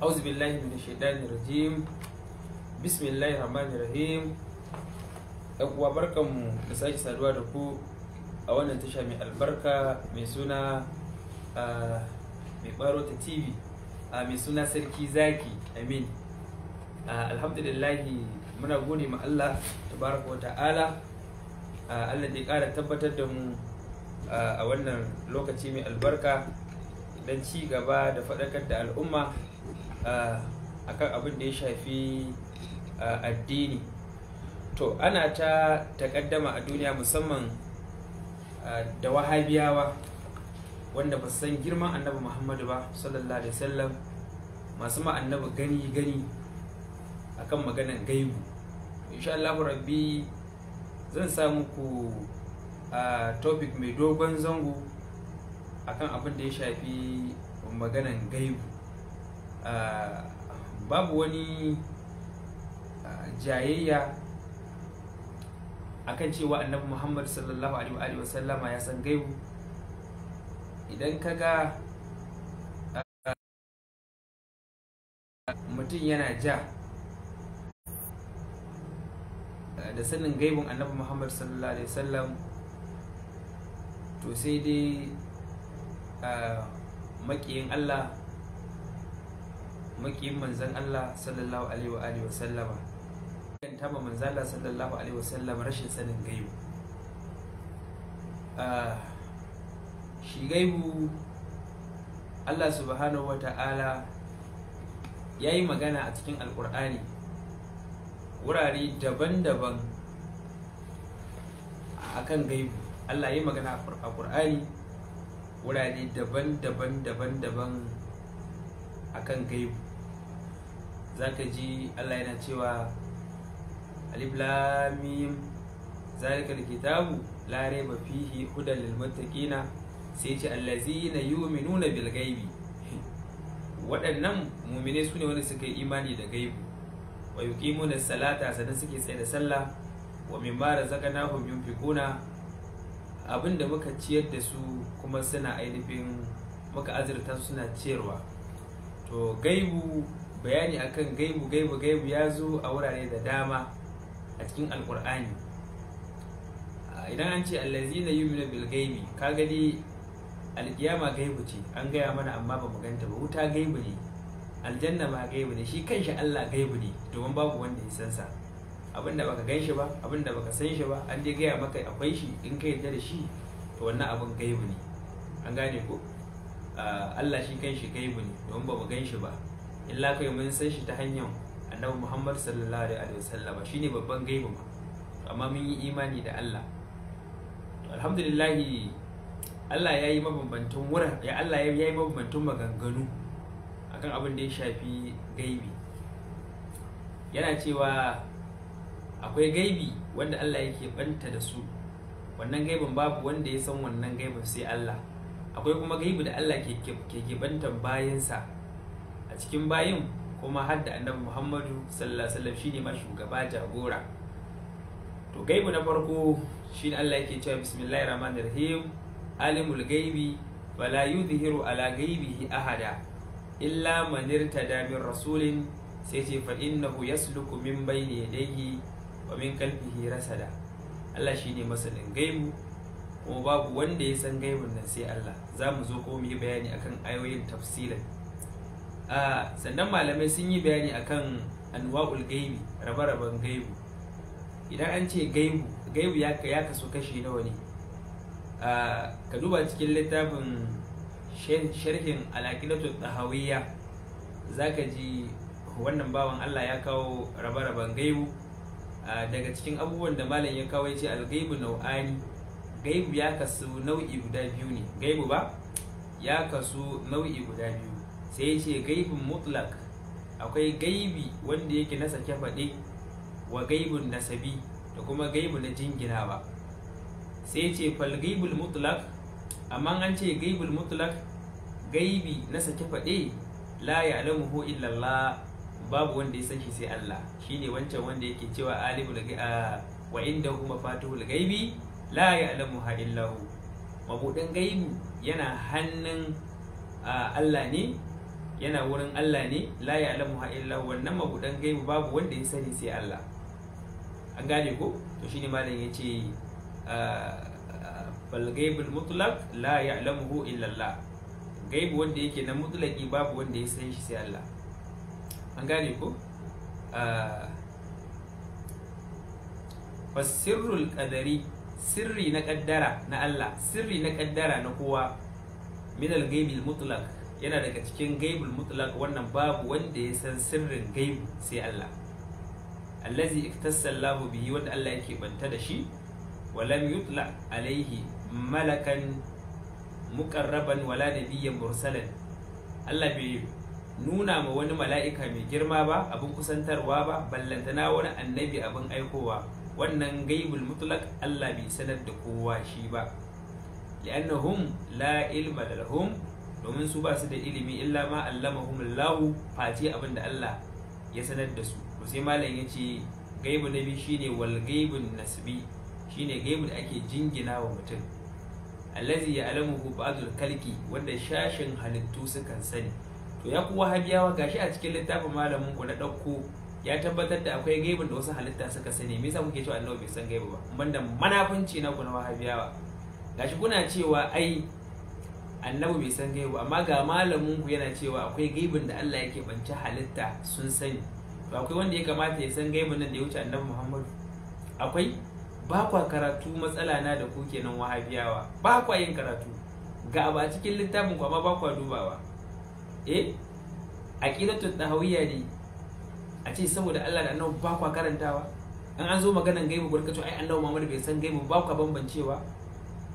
أعوذ بالله من الشيطان الرجيم بسم الله الرحمن الرحيم أقوى بركة نسأل سادوا saduwa da ku, a wannan tasha mai baro ta tv mai suna sarki zaki amin alhamdulillahi muna gode ma Allah tabaraka wa ta'ala Allah da ya kara tabbatar da mu a wannan lokaci mai albarka don ci gaba da faɗakar da al'umma Ah, akan abin da ya shafi ah, addini to ana ta takaddama a duniya musamman ah, da wahabiyawa wanda ba san girman annabi muhammadu ba sallallahu alaihi wasallam masu ma'annabi gani gani akan maganan gaibu insha Allah rabbi zan sa muku a topic mai dogon zango akan abin da ya shafi maganan gaibu babu wani jayayya akan cewa annabi muhammad sallallahu alaihi wa sallama ya san gaibu idan ka ga mutum yana ja da sanin gaibin annabi muhammad sallallahu alaihi wa sallam to sai dai makiyin allah makiyin manzan Allah sallallahu alaihi wa alihi wa sallama kan taba manzan Allah sallallahu alaihi wa sallama rashin sanin gaibu ah, shi gaibu Allah subhanahu wa ta'ala ya yi magana a cikin alkur'ani wurare daban-daban akan gaibu Allah ya yi magana a Qur'ani wurare daban-daban daban-daban akan gaibu zaka ji Allah yana cewa alif lam mim zalikal kitabu la rayba fihi hudan lil muttaqina sai ce allazina yu'minuna bil ghaibi waɗannan mumine su ne wanda suka yi imani da gaibu wa yuqimuna salata sannan suke tsaye da sallah wa mimma razaqnahum yunfiquna abin da muka ciyar da su kuma suna ainihin muka azurta suna ciyarwa to gaibu bayani akan gaibu gaibu gaibu ya zo a wurare da dama a cikin alkur'ani ah, idan an ce allazina yuminu bil gaibi ka dai alkiyama gaibu ce an gaya mana amma ba mu ganta ba wuta gaibu ne aljanna ma gaibu ne shi kanshi Allah gaibu ne domin babu wanda ya san sa abinda baka gan shi ba abinda baka san shi ba an dai gaya maka akwai shi in ka yarda da shi to wannan abin gaibu ne an gane ko ah, Allah shi kanshi gaibu ne domin ba mu gan shi ba illa kai mun san shi ta hanyar annabi Muhammad sallallahu alaihi wasallam shine babban gaibu ma amma mun yi imani da Allah alhamdulillah Allah ya yi mabambantan wura ya Allah ya yi mabambantan maganganu akan abin da ya shafi gaibi yana cewa akwai gaibi wanda Allah yake banta da su wannan gaibin babu wanda ya san wannan gaibin sai Allah akwai kuma gaibi da Allah ke ke bantan bayansa cikin bayin kuma har da annabi muhammadu sallallahu alaihi wasallam shine ma shugaba jagora to gaibu na farko shine Allah yake cewa bismillahir rahmanir rahim alimul gaibi wala yudhiru ala gaibihi ahada illa man irtada min rasulin sai ce fa innahu yasluku min bayni yadayhi wa min qalbihi rasada Allah shine masanin gaibu kuma babu wanda ya san gaibun nan sai Allah za mu zo ko mu yi bayani akan ayoyin tafsirin sannan malamai sun yi bayani akan anwa'ul gaibi rabe-raben gaibu idan an ce gaibu gaibu ya kaso kashi nawa ne ka duba cikin littafin sharhin alaƙidatun ɗahawiyya za ka ji wannan bawan allah ya kawo rabe-raben gaibu daga cikin abubuwan da malam ya kawo ce algaibu nau'ani gaibu ya kasu nau'i guda biyu ne gaibu ba ya kasu nau'i guda biyu sai ya ce gaibin mutlak akwai gaibi wanda yake na sake wa gaibin nasabi da kuma gaibu na jinginawa sai ce fal gaibul mutlak amma an ce gaibul mutlak gaibi na sake faɗe la ya'lamuhu illa illallah babu wanda ya san sai Allah shine wancan wanda yake cewa alimul wa indahu gaibi la ya'lamuha illa illahu mabudin gaibi yana hannun Allah ne yana wurin Allah ne la ya'lamu illa wannan mabudan gaibu babu wanda ya sani sai Allah an gane ko to shine malam yace ah, bal gaibul mutlaq la ya'lamuhu illa Allah gaibu wanda yake na mutlaki babu wanda ya sani shi sai Allah an gane ko ah, sirrul qadari sirri na kaddara na Allah sirri na kaddara na kowa min al-gaibil mutlaq yana daga cikin gaibul mutlaq wannan babu wanda ya san sirrin gaibu sai Allah allazi iktassa Allahu bihi wanda Allah yake banta da shi wa lam yutla alaihi malakan muqarraban wala nabiyyan mursalan Allah bai nuna ma wani mala'ika mai girma ba abin kusantarwa ba ballantana wani annabi abin aikowa wannan gaibul mutlaq Allah bai sanar da kowa shi ba لأنهم لا علم لهم domin su ba su da ilimi illa ma allama allamahumullahu face abin da Allah ya sanar da su to sai malam ya ce gaibu na biyu shine wal gaibun nasbi shine gaibu da ake jingina wa mutum allazi ya alamuhu ba'dul kalki wanda shashin halittu sukan sani to ya kuwa habiyawa gashi a cikin littafin malamin ku na ɗauko ya tabbatar da akwai gaibun da wasu halitta suka sani me yasa kuke cewa annabi bai san gaibu ba banda manafunci na ku na wahabiyawa gashi kuna cewa ai annabi bai san gaibu amma ga malamin ku yana cewa akwai gaibin da Allah yake banci halitta sun sani to akwai wanda ya kamata ya san gaibin nan da ya wuce annabi Muhammadu akwai ba kwa karatu matsala na da ku kenan wahabiyawa ba kwa yin karatu ga ba cikin littafin ku amma ba kwa dubawa eh aqidatu tahawiyya ne a ce saboda Allah da annabi ba kwa karantawa in an zo maganan gaibu gurkacu ai annabi Muhammadu bai san gaibu ba kwa bambancewa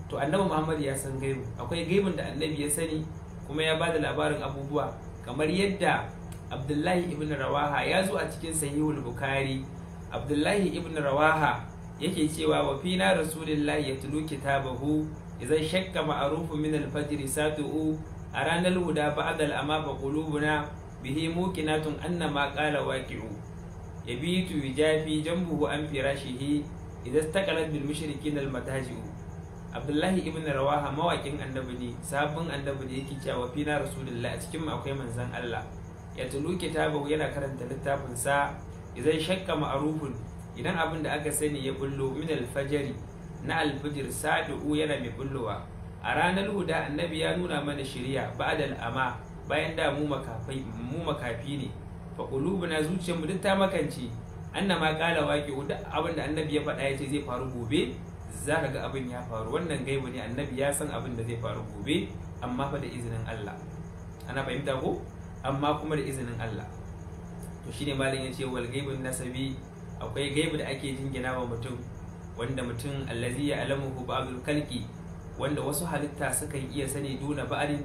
to annabi muhammad ya san gaibu akwai gaibun da annabi ya sani kuma ya bada labarin abubuwa kamar yadda abdullahi ibn rawaha ya zo a cikin sahihul bukhari abdullahi ibn rawaha yake cewa wa fina rasulillahi ya tulu kitabahu idan shakka ma'arufu min al-fajr satu'u a ranar huda adal amma fa qulubuna bihi muqinatun anna ma qala waqi'u yabitu yujafi jambuhu an firashihi idan taqalat bil mushrikin al mataji'u abdullahi ibn rawaha mawakin annabi ne sabon annabi ne yake cewa fina rasulullah a cikin akwai manzon Allah ya tulu kitabahu yana karanta littafin sa idan shakka ma'rufun idan abin da aka sani ya bullo min alfajari na al-fajr sadu yana mai bullowa a ranar huda annabi ya nuna mana shirya ba'dal ama bayan da mu makafai mu makafi ne fa qulubuna zuciyarmu duk ta makance annama kala wake duk abin da annabi ya faɗa yace zai faru gobe za ka ga abin ya faru wannan gaibu ne annabi ya san abin da zai faru gobe amma fa da izinin Allah ana fahimta ko amma kuma da izinin Allah to shine malam ya ce wal gaibun nasabi akwai gaibu da ake jingina wa mutum wanda mutum allazi ya alamu ba'dul kalki wanda wasu halitta sukan iya sani duna ba'adin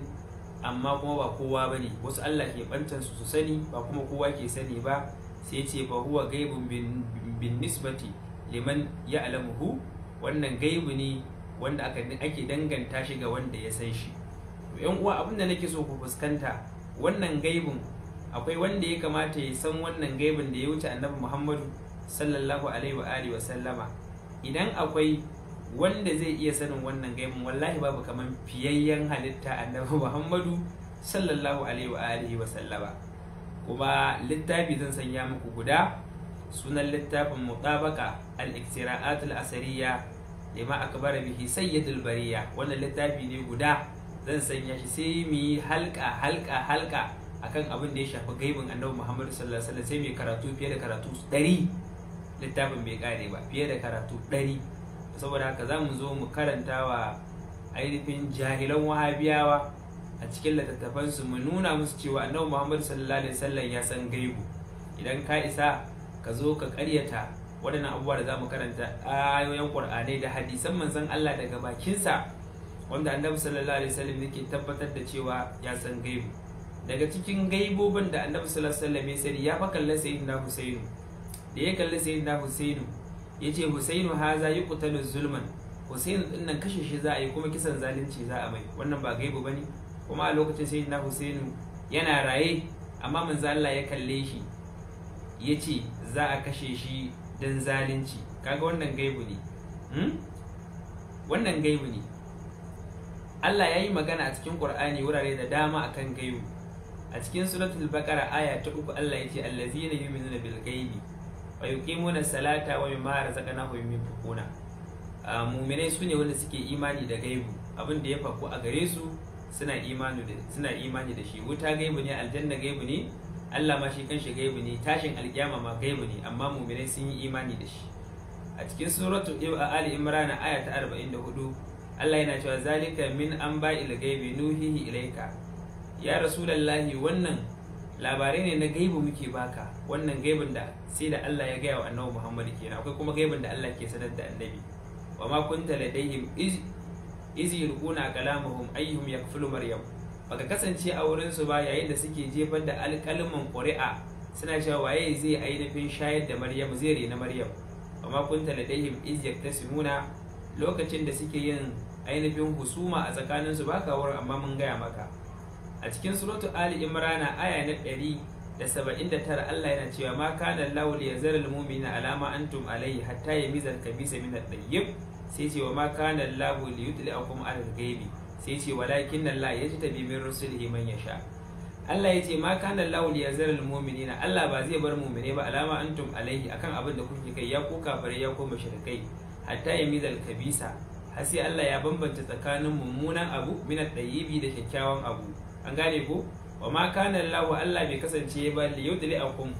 amma kuma ba kowa bane wasu Allah ke bantan su su sani ba kuma kowa ke sani ba sai ce ba huwa gaibun bin nisbati liman ya alamuhu wannan gaibu ne wanda ake danganta shi ga wanda ya san shi yan uwa abin da nake so ku fuskanta wannan gaibun akwai wanda ya kamata ya san wannan gaibun da ya wuce annabi muhammadu sallallahu alaihi wa alihi wa sallama idan akwai wanda zai iya sanin wannan gaibun, wallahi babu kaman fiyayyen halitta annabi muhammadu sallallahu alaihi wa alihi wa sallama kuma littafi zan sanya muku guda sunan littafin mutabaka al-iktira'at al-asariya lima akbara bihi al bariya wannan littafi ne guda zan sanya shi sai mu yi halka halka halka akan abin da ya shafi gaibin annabi Muhammad sallallahu alaihi wasallam sai mai karatu fiye da karatu 100 littafin bai kare ba fiye da karatu 100 saboda haka za mu zo mu karanta wa ainihin jahilan wahabiyawa a cikin littattafansu mu nuna musu cewa annabi Muhammad sallallahu alaihi wasallam ya san gaibu idan ka isa ka zo ka karyata waɗannan abubuwa da za mu karanta ayoyin ƙwar'anai da hadisan manzon Allah daga bakinsa wanda annabi sallallahu alaihi wasallam yake tabbatar da cewa ya san gaibu daga cikin gaibobin da annabi sallallahu alaihi wasallam ya sani ya fa kalla sayyidina husainu da ya kalli sayyidina husainu yace husainu haza yuqtalu zulman husainu din nan kashe shi za a yi kuma kisan zalunci za a mai wannan ba gaibu bane kuma a lokacin sayyidina husainu yana raye amma manzo Allah ya kalle shi yace za a kashe shi don zalunci kaga wannan gaibu ne hmm? wannan gaibu ne Allah ya yi magana a cikin Qur'ani wurare da dama akan gaibu a cikin suratul baqara aya ta uku Allah ya ce allazina yu'minuna bil ghaibi wa yuqimuna salata wa mimma razaqnahum yunfiquna mu'minai sune wanda suke imani da gaibu abin da ya faku a gare su suna imani da suna imani da shi wuta gaibu ne aljanna gaibu ne Allah ma shi kanshi gaibu ne tashin alkiyama ma gaibu ne amma mu'minai sun yi imani da shi a cikin suratu ali imran aya ta 44 Allah yana cewa zalika min an ba anba'il gaibi nuhihi ilaika ya rasulullahi wannan labarai ne na gaibu muke baka wannan gaibin da sai da Allah ya gaya wa annabi Muhammad kenan akwai kuma gaibin da Allah ke sanar da annabi wa ma kunta ladaihim iz iz yulquna kalamuhum ayyuhum yakfulu maryam baka kasance a wurinsu ba yayin da suke jefar da alƙalman ƙuri'a suna cewa waye zai ainihin shayar da maryam zai rena maryam amma kunta ladaihim ta simuna lokacin da suke yin ainihin husuma a tsakaninsu baka wurin amma mun gaya maka a cikin suratu ali imrana aya na ɗari da saba'in da tara Allah yana cewa ma kana ya li yazara almu'mina alama antum alayhi hatta ya al kabisa min al-tayyib sai cewa ma kana lahu li yutli'akum ala al-ghaibi sai ce walakin nan ya ji tabi min rusulihi man sha. Allah ya ce ma kana lawul ya zara al Allah ba zai bar mu'mine ba alama antum alaihi akan abin da kuke kai ya ko kafare ya ku mushrikai hatta ya kabisa har sai Allah ya bambanta tsakanin mummunan abu min al tayyibi da kyakkyawan abu an gane ko wa ma kana Allah Allah bai kasance ba li yudli akum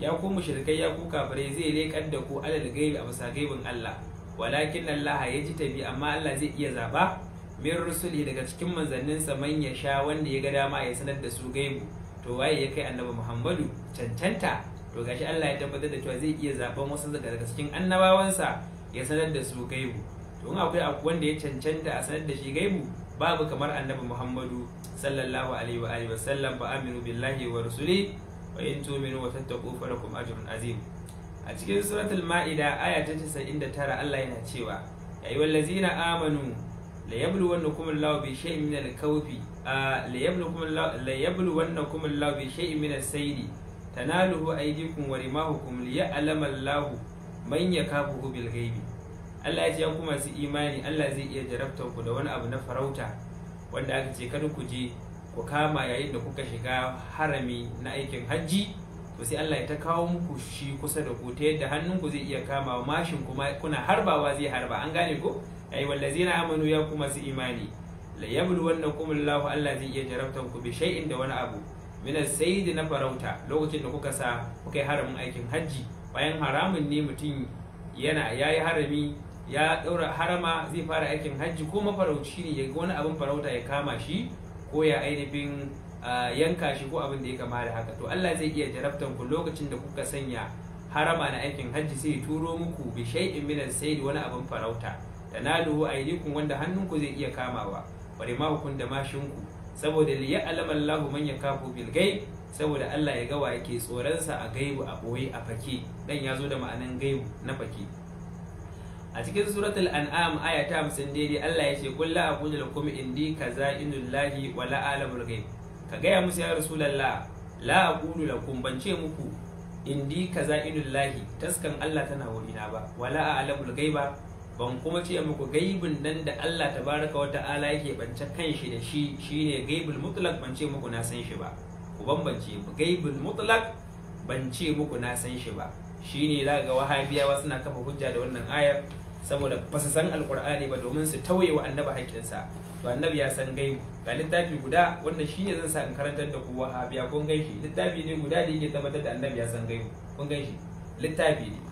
ya ku mushrikai ya ko kafare zai lekar da ku alal gaibi a bisa gaibin Allah walakin Allah ya ji tabi amma Allah zai iya zaba min rusuli daga cikin manzannin man ya sha wanda ya ga dama ya sanar da su mu to waye ya kai annabi muhammadu cancanta to gashi allah ya tabbatar da cewa zai iya zaben wasu daga cikin annabawansa ya sanar da su gaibu to in akwai abu wanda ya cancanta a sanar da shi gaibu babu kamar annabi muhammadu sallallahu alaihi wa alihi wasallam ba aminu billahi wa rusuli wa in tu'minu wa tattaqu falakum ajrun azim a cikin suratul ma'ida aya ta 99 allah yana cewa Ya wallazina amanu la yablu wannan kumin Allah bai shay'in min al-kawfi la yablu kuma la yablu wannan kuma Allah tanaluhu Allah ya ce ku masu imani Allah zai iya jarabta ku da wani abu na farauta wanda aka ce kada ku je ku kama yayin da kuka shiga harami na aikin hajji to sai Allah ya ta kawo muku shi kusa da ku ta yadda hannunku zai iya kama mashin kuma kuna harbawa zai harba an gane ko ai wallazina amanu ya kuma su imani la yabluwannakum Allahu Allah zai iya jarabtan ku bi shay'in da wani abu min sayyid na farauta lokacin da kuka sa kuka yi haramin aikin hajji bayan haramun ne mutum yana yayi harami ya daura harama zai fara aikin hajji ko mafarauci ne ya ga wani abin farauta ya kama shi ko ya ainihin yanka shi ko abin da ya kama da haka to Allah zai iya jarabtan ku lokacin da kuka sanya harama na aikin hajji sai turo muku bi shay'in min sayyid wani abin farauta tanaluhu aydikum wanda hannunku zai iya kamawa wa rimahukum da mashinku saboda li ya'lama Allahu man yakafu bil ghaib saboda Allah ya ga wa yake tsoronsa a gaibu a boye a fake dan yazo da ma'anan gaibu na fake a cikin suratul an'am aya ta 50 daidai Allah ya ce qul la aqulu lakum indi kaza wa la alamul ghaib ka gaya musu ya rasulullah la aqulu lakum ban ce muku indi inullahi taskan Allah tana wurina ba wala alamul ghaiba ban kuma ce muku gaibin nan da Allah tabaraka wa ta'ala yake bance kanshi da shi shine gaibul mutlak ban ce muku na san shi ba ku bambance ku gaibul mutlak ban ce muku na san shi ba shine za ga wahabiyawa suna kafa hujja da wannan ayar saboda ba su san alqur'ani ba domin su tauye wa annabi sa to annabi ya san gaibu ga littafi guda wanda shine zan sa in karantar da ku wahabiya kun gaishe littafi ne guda da yake tabbatar da annabi ya san gaibu kun gaishi littafi ne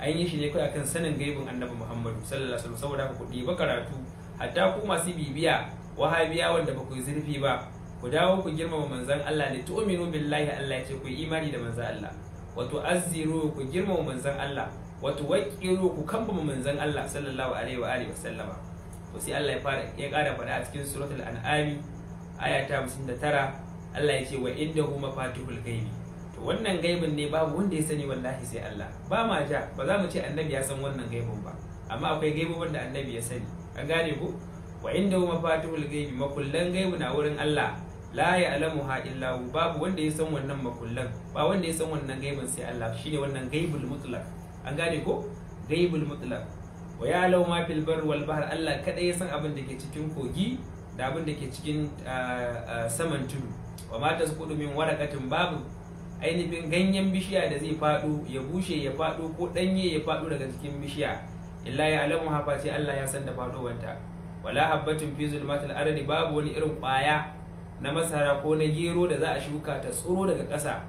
an yi shi ne kawai akan sanin gaibin annabi muhammadu sallallahu alaihi wasallam saboda ku ɗiba karatu hatta ku masu bibiya wahabiya wanda ba ku yi zurfi ba ku dawo ku girmama manzan Allah da tu'minu billahi Allah ya ce ku yi imani da manzan Allah wato azziru ku girmama manzan Allah wato waqiru ku kambama manzan Allah sallallahu alaihi wa alihi wasallama to sai Allah ya fara ya ƙara faɗa a cikin suratul an'ami aya ta 59 Allah ya ce wa indahu mafatihul ghaibi wannan gaibin ne babu wanda ya sani wallahi sai Allah ba ma ja ba za mu ce annabi ya san wannan gaibin ba amma akwai gaibin da annabi ya sani an gane ko wa inda mafatihul gaibi makullan gaibu na wurin Allah la ya'lamuha illa hu babu wanda ya san wannan makullan ba wanda ya san wannan gaibin sai Allah shine wannan gaibul mutlaq an gane ko gaibul mutlaq wa ya lau ma fil bar wal bahr Allah kaɗai ya san abin da ke cikin kogi da abin da ke cikin ah, ah, saman tudu wa ma tasqudu min waraqatin babu ainihin ganyen bishiya da zai faɗo ya bushe ya faɗo ko ɗanye ya faɗo daga cikin bishiya illa ya alamu hafa ce Allah ya san da faɗowanta wala habbatin fi zulmatil ardi babu wani irin ƙwaya na masara ko na gero da za a shuka ta tsoro daga ƙasa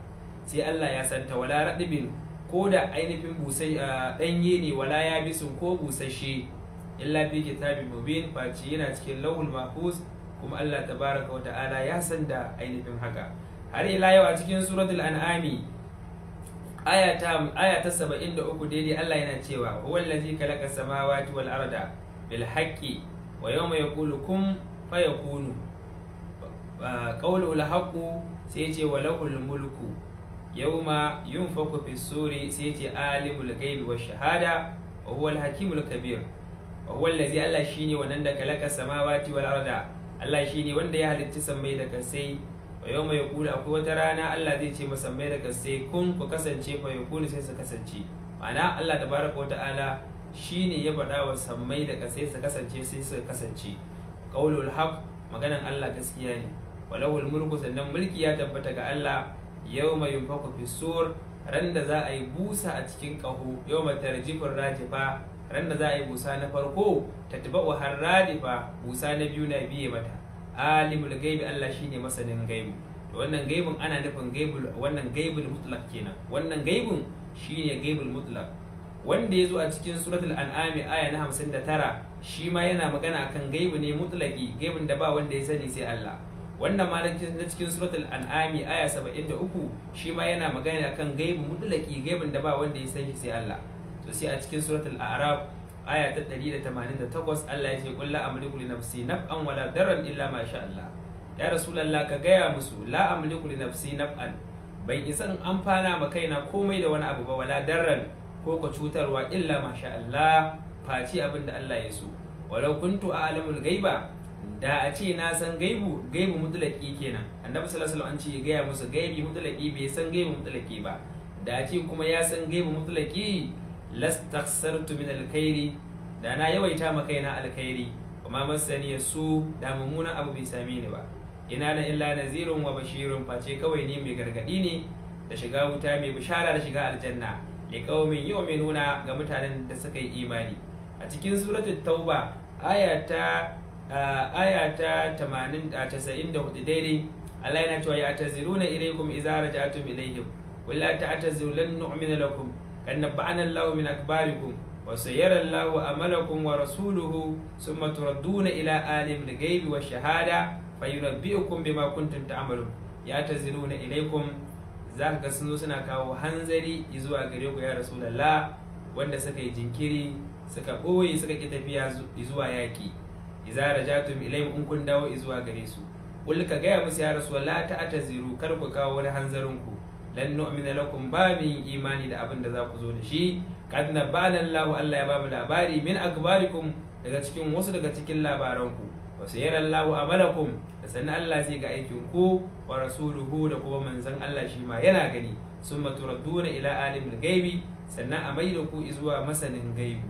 sai Allah ya san ta wala radibin ko da ainihin busai ɗanye ne wala ya bisun ko busasshe illa fi kitabin mubin face yana cikin lawul mahfuz kuma Allah tabaraka wa ta'ala ya san da ainihin haka har ila yau a cikin suratul an'ami aya ta aya ta 73 daidai Allah yana cewa huwal ladzi khalaqa samawati wal arda bil haqqi wa yawma yaqulu kun fayakunu qawlu al haqqu sai ce wa mulku yawma yunfaku fis suri sai ce alimul ghaibi wash shahada wa huwal hakimul kabir wa huwal ladzi Allah shine wannan da khalaqa samawati wal arda Allah shine wanda ya halitta sammai da kansai yau mai kula akwai wata rana Allah zai ce masa mai daga sai kun ku kasance fa ya sai su kasance ma'ana Allah da tabaraka ta'ala shine ya faɗa wa sammai daga sai su kasance sai su kasance qaulul haq maganan Allah gaskiya ne walawul mulku sannan mulki ya tabbata ga Allah yau mai yunfaku fi sur ran da za a yi busa a cikin ƙaho yau mai tarjifin rajifa ran da za a yi busa na farko ta wa har radifa busa na biyu na biye mata alimul gaibi Allah shine masanin gaibu wannan gaibun ana nufin gaibul wannan gaibul mutlaq kenan wannan gaibin shine gaibul mutlaq wanda ya zo a cikin suratul an'ami aya na 59 shi ma yana magana akan gaibi ne mutlaqi gaibun da ba wanda ya sani sai Allah wannan ma na cikin suratul an'ami aya 73 shi ma yana magana akan gaibi mutlaqi gaibun da ba wanda ya sani sai Allah to sai a cikin suratul a'raf aya ta 188 Allah ya ce qul la amliku li nafsi naf'an wala darran illa ma sha Allah ya rasulullah ka gaya musu la amliku li nafsi naf'an bai isa in amfana ma kaina komai da wani abu ba wala darran ko ka cutarwa illa ma sha Allah faci abin da Allah ya so walau kuntu a'lamul ghaiba da a ce na san gaibu gaibu mutlaki kenan annabi sallallahu alaihi wasallam an ce gaya musu gaibi mutlaki bai san gaibu mutlaki ba da a ce kuma ya san gaibu mutlaki lastaksartu min alkhairi da na yawaita ma kaina alkhairi kuma masani su da mummunan abu bai same ni ba ina da illa nazirun wa bashirun face kawai ni mai gargadi ne da shiga wuta mai bishara da shiga aljanna li qaumin yu'minuna ga mutanen da suka yi imani a cikin suratul tauba aya ta ah, aya ta 94 ah, daidai Allah yana cewa ya taziruna ilaykum idza raja'tum ilayhim wala ta'tazilu lan nu'mina lakum أن نبعنا الله من أكباركم وسيرى الله عملكم ورسوله ثم تردون إلى عالم الغيب والشهادة فينبئكم بما كنتم تعملون يعتذرون إليكم za ka ga suna kawo hanzari zuwa gare ku ya rasulallah wanda suka yi jinkiri suka ɓoye suka ƙi tafiya izuwa yaƙi iza rajatum ilayhim in kun dawo zuwa gare su kul ka gaya musu ya rasulallah ta ataziru kar ku kawo wani hanzarin ku lan nu'mina lakum ba imani da abin da za ku zo da shi kad nabana Allahu Allah ya babu labari min akbarikum daga cikin wasu daga cikin labaranku wa sayyara Allahu amalakum da sannan Allah zai ga aikin ku wa rasuluhu da kuma manzon Allah shi ma yana gani summa turadduna ila alimul gaibi sannan a mai da ku izuwa masanin gaibi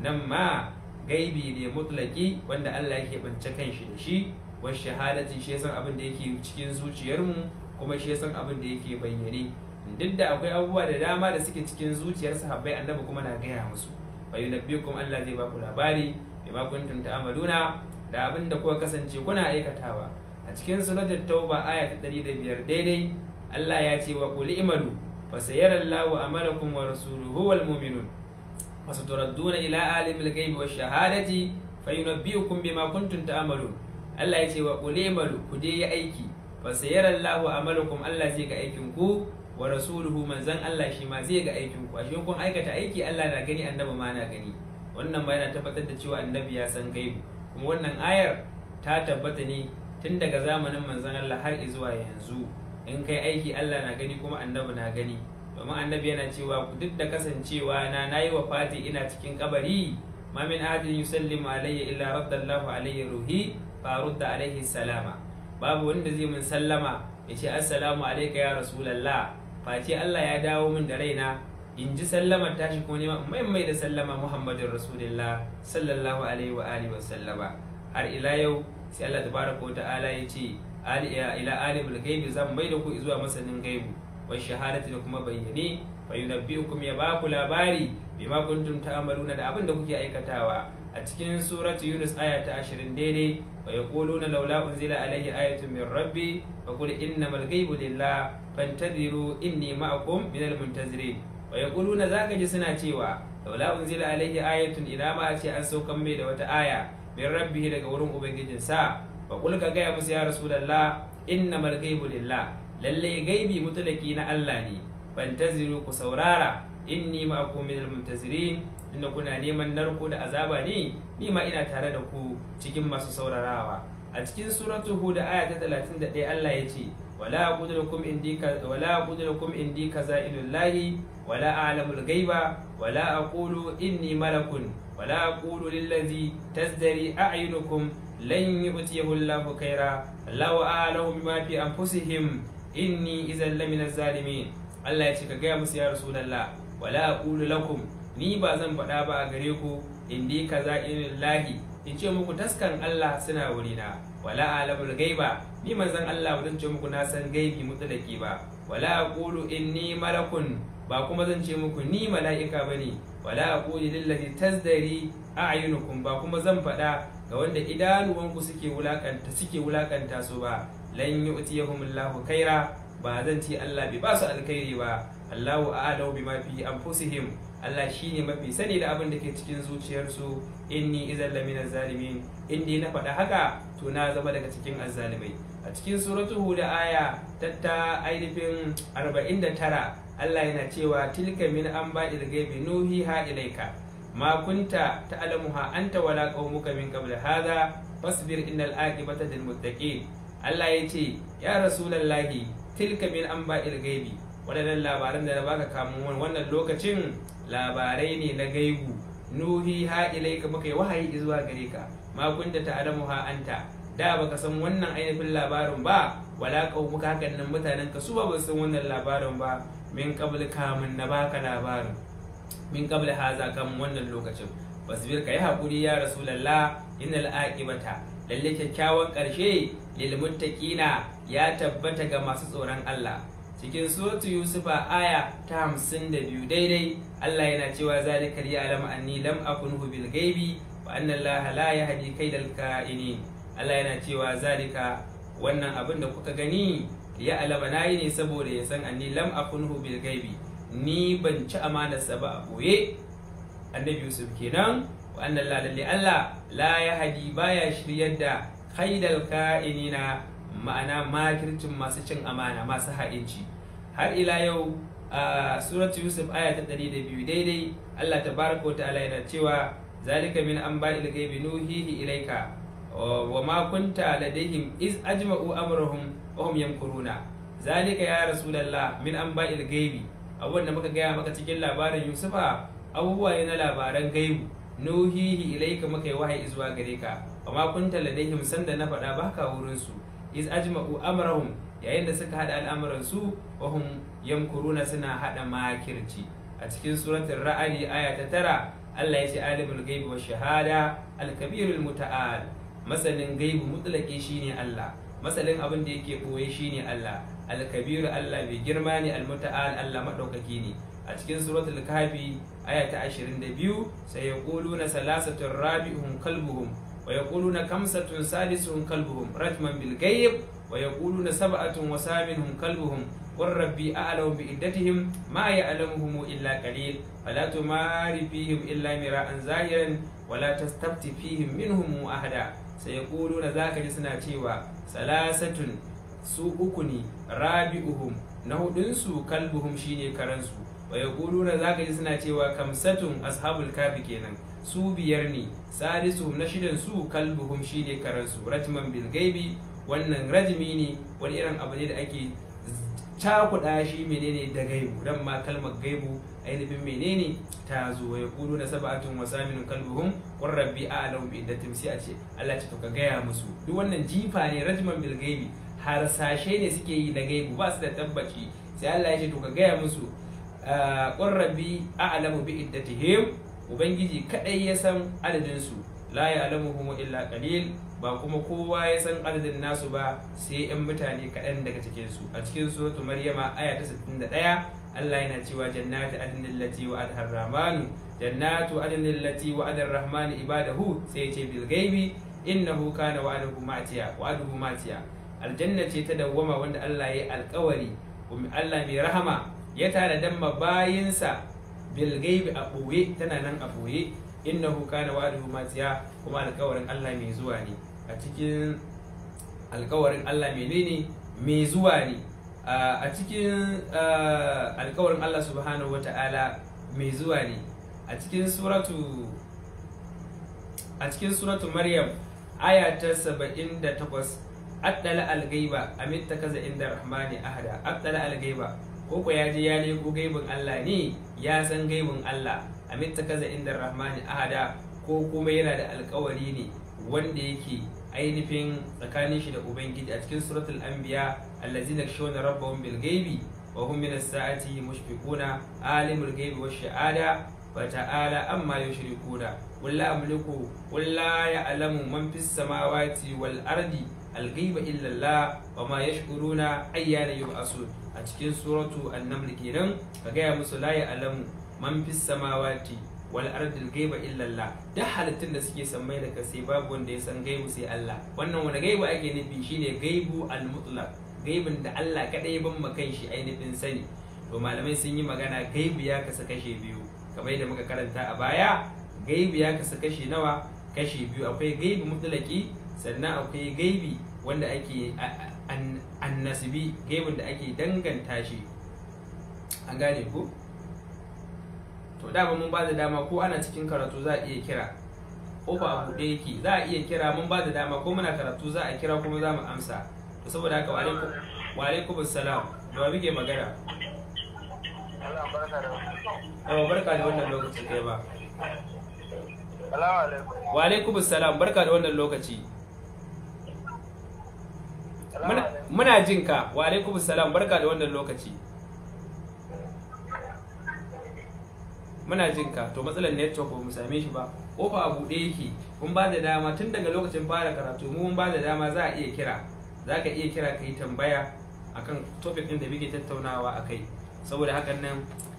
nan ma gaibi ne mutlaki wanda Allah yake bance shi da shi wa shahadatin shi yasan abin da yake cikin zuciyar mu. kuma shi ya san abin da yake bayyane duk da akwai abubuwa da dama da suke cikin zuciyar sahabbai annabi kuma na gaya musu fa yunabbikum Allah zai baku labari bima kuntum ta'maluna da abin da kuka kasance kuna aikatawa a cikin suratul tauba aya ta 105 daidai Allah ya ce wa qul imalu fa sayarallahu amalakum wa rasuluhu wal mu'minun wa saturadduna ila alimil ghaibi wash shahadati fayunabbiukum bima kuntum ta'malun Allah ya ce wa qul imalu ku je yi aiki fa amala kuma Allah zai ga aikin ku wa rasuluhu manzan Allah shi ma zai ga aikin ku ashe kun aikata aiki Allah na gani annabi ma na gani wannan bayana tabbatar da cewa annabi ya san gaibu kuma wannan ayar ta tabbata ne tun daga zamanin manzan Allah har zuwa yanzu in kai aiki Allah na gani kuma annabi na gani domin annabi yana cewa duk da kasancewa na nayi Fati ina cikin kabari ma min ahadin yusallimu alayya illa radda Allahu ruhi fa da alayhi salama babu wanda zai min sallama ya ce assalamu alaika ya rasulallah face Allah ya dawo min da raina in ji sallamar tashi ko nema mai mai da sallama muhammadin rasulullah sallallahu alaihi wa alihi wasallama har ila yau sai Allah tabaraka wa ta'ala ya ce ila alimul gaibi zan mai da ku zuwa masanin gaibu wa shahadati da kuma bayyane fa yunabbiukum ya baku labari bima kuntum ta'amaluna da abin da kuke aikatawa a cikin suratu yunus aya ta 20 daidai wa na laula unzila alayhi ayatun min rabbi fa qul innamal ghaibu lillah fantadiru inni ma'akum minal muntazirin wa yaquluna zaka ji suna cewa laula unzila alayhi ayatun ina ma ce an saukan mai da wata aya min rabbi daga wurin ubangijinsa fa qul ka gaya musu ya rasulullah inna malgai lillah lalle gaibi mutulaki na Allah ne fantaziru ku saurara inni ma'akum minal muntazirin inda kuna neman narko da azaba ne ni ma ina tare da ku cikin masu saurarawa a cikin suratu hud aya ta 31 Allah ya ce wala qudrukum indika wala qudrukum indika za'ilullahi wala a'lamul ghaiba wala aqulu inni malakun wala aqulu lillazi tazdari a'yunukum lan yu'tiyahu Allahu khaira law a'lamu bima fi anfusihim inni idhan laminaz zalimin Allah ya ce ka gaya musu ya rasulullah wala aqulu lakum ni ba zan faɗa ba a gare ku in dai kaza irin lahi in ce muku taskan Allah suna wuri na? wala alamul gaiba ni manzon Allah ba zan ce muku na san gaibi ke ba wala aqulu inni malakun ba kuma zan ce muku ni mala'ika bane wala aqulu lillazi tazdari a'yunukum ba kuma zan faɗa ga wanda idanuwanku suke wulakanta suke wulakanta su ba lan yu'tiyahumullahu kaira ba zan ce Allah bai ba su alkhairi ba Allahu a'lamu bima fi anfusihim Allah shi ne mafi sani da abin da ke cikin zuciyarsu inni idan laminar zalimin in na faɗa haka to na zama daga cikin azzalimai a cikin suratu huda aya tatta ainihin 49 Allah yana cewa tilka min an ba ilgaibi nuhi ha ilaika ma kunta ta'lamuha anta wala qaumuka min qabl hadha fasbir innal aqibata lil muttaqin Allah ya ce ya rasulullahi tilka min an ba ilgaibi Wadannan labaran da na baka kamun wannan lokacin labarai ne na gaibu nuhi ha ilaika muka yi wahayi zuwa gare ka ma kunta ta'lamu ha anta da baka san wannan ainihin labarin ba wala qaumuka hakan nan mutanen ka su ba ba san wannan labarin ba min qabl kamun na baka labarin min qabl haza kam wannan lokacin fasbir ka yi hakuri ya rasulullah innal aqibata lalle kyakkyawan karshe lil muttaqina ya tabbata ga masu tsoron Allah cikin suratu yusufa aya ta hamsin da biyu daidai allah yana cewa zalikar ya alam anni lam akunhu bil gaibi wa anna allaha la yahdi kaidal ka'ini allah yana cewa zalika wannan abin da kuka gani ya alama yi ne saboda ya san anni lam akunhu bil gaibi ni ban ci amanarsa ba a boye annabi yusuf kenan wa anna allaha lalle allah la yahdi baya shiryar da kaidal ka'inina ma'ana makircin masu cin amana masu ha'inci har ila yau a suratu yusuf aya ta 102 daidai Allah baraka wa ta'ala yana cewa zalika min an ilgai ghaibi nuhihi ilaika wa ma kunta ladaihim iz ajma'u amrahum wa hum yamkuruna zalika ya rasulullah min an anba'il ghaibi Abubuwan da muka gaya maka cikin labarin yusufa abubuwa ne na labaran gaibu nuhihi ilaika muka yi wahai izuwa gare ka wa ma kunta ladaihim sanda na faɗa baka wurin su iz ajma'u amrahum yayin da suka haɗa al'amuran su wahum yamkuruna suna haɗa makirci a cikin suratul ra'adi aya ta tara Allah ya ce alimul gaibi wa shahada alkabirul muta'al masanin gaibu mutlaki shine Allah masalin abin da yake boye shine Allah alkabiru Allah bai girma ne almuta'al Allah madaukaki ne a cikin suratul kafi aya ta 22 sai na salasatun rabi'uhum kalbuhum wa yaquluna kamsatun salisuhum kalbuhum rajman bil ghaib wa yaquluna sab'atun wa saminhum kalbuhum qur rabbi a'lamu bi iddatihim ma ya'lamuhum illa qalil fala tumari fihim illa mira'an zahiran wala tastafti fihim minhum ahada sai za ka ji suna cewa salasatun su uku ne rabi'uhum na hudunsu kalbuhum shine karansu wa za ka ji suna cewa kamsatun ashabul kafi kenan su biyar ne Salisu na shidan su kalbuhum shine karansu ratman bil gaibi wannan rajimi ne wani irin abu ne da ake cakuɗa shi menene da gaibu dan ma kalmar gaibu ainihin menene ta zo ya kudu na sabatun wa kalbuhum qur rabbi a'lam bi iddatim sai a ce Allah ce to ka gaya musu duk wannan jifa ne rajman bil gaibi sashe ne suke yi da gaibu ba su da tabbaci sai Allah ya ce to ka gaya musu ah, qur rabbi a'lamu bi iddatihim ubangiji kadai ya san adadin su la ya'lamuhum illa qalil ba kuma kowa ya san adadin nasu ba sai 'yan mutane kaɗan daga cikinsu a cikin suratul maryama aya ta 61 Allah yana cewa jannatu adnil lati wa adhar rahman jannatu adnil lati wa adhar rahmanu ibadahu sai ce bil gaibi innahu kana wa'aduhu ma'tiya wa'aduhu ma'tiya aljanna ce ta dawwama wanda Allah ya alƙawari Allah mai rahama ya tare dan mabayinsa bil gaibi a boye tana nan a boye innahu kana wa'aduhu matiya kuma alƙawarin Allah mai zuwa ne a cikin alkawarin Allah menene mai zuwa ne a cikin alkawarin Allah subhanahu ta'ala mai zuwa ne a cikin suratu a cikin suratu maryam aya ta 78 addala algaiba amin ta kaza inda rahmani ahada addala algaiba koko ya je ya leko gaibin Allah ne ya san gaibin Allah amin ta kaza inda rahmani ahada ko kuma yana da alkawari ne wanda yake ainihin tsakanin shi da ubangiji a cikin suratul anbiya na shona rabba wani bilgaibi wa hum min saati mushfiquna alimul ghaibi sha'ada shahada ta'ala amma yushrikuna qul la amliku qul ya ya'lamu man fis samawati wal ardi al ghaiba illa Allah wa ma yashkuruna ayyana yub'asun a cikin suratu an-naml kenan ka gaya musu la alamu man fis samawati wal ardil gaiba illallah duk halittun da suke sammai da kasai babu wanda ya san gaibu sai Allah wannan wani gaibu ake nufi shine gaibu al mutlaq gaibin da Allah kadai ban makan shi ainihin sani to malamai sun yi magana gaibu ya kasa kashe biyu kamar yadda muka karanta a baya gaibu ya kasa kashe nawa kashe biyu akwai gaibu mutlaki sannan akwai gaibi wanda ake annasibi gaibin da ake danganta shi an gane ku to dama mun ba da dama ko ana cikin karatu za a iya kira ba a buɗe yake za a iya kira mun ba da dama ko muna karatu za a kira kuma za mu amsa to saboda haka wa alaikum assalam da wa bige magana Allah barka da wannan lokaci kai ba wa alaikum barka da wannan lokaci muna jinka wa alaikum barka da wannan lokaci muna jin ka to matsalar network ba mu same shi ba kofa a buɗe yake mun ba da dama tun daga lokacin fara karatu mu mun ba da dama za a iya kira za ka iya kira ka yi tambaya akan topic ɗin da muke tattaunawa a kai saboda hakan nan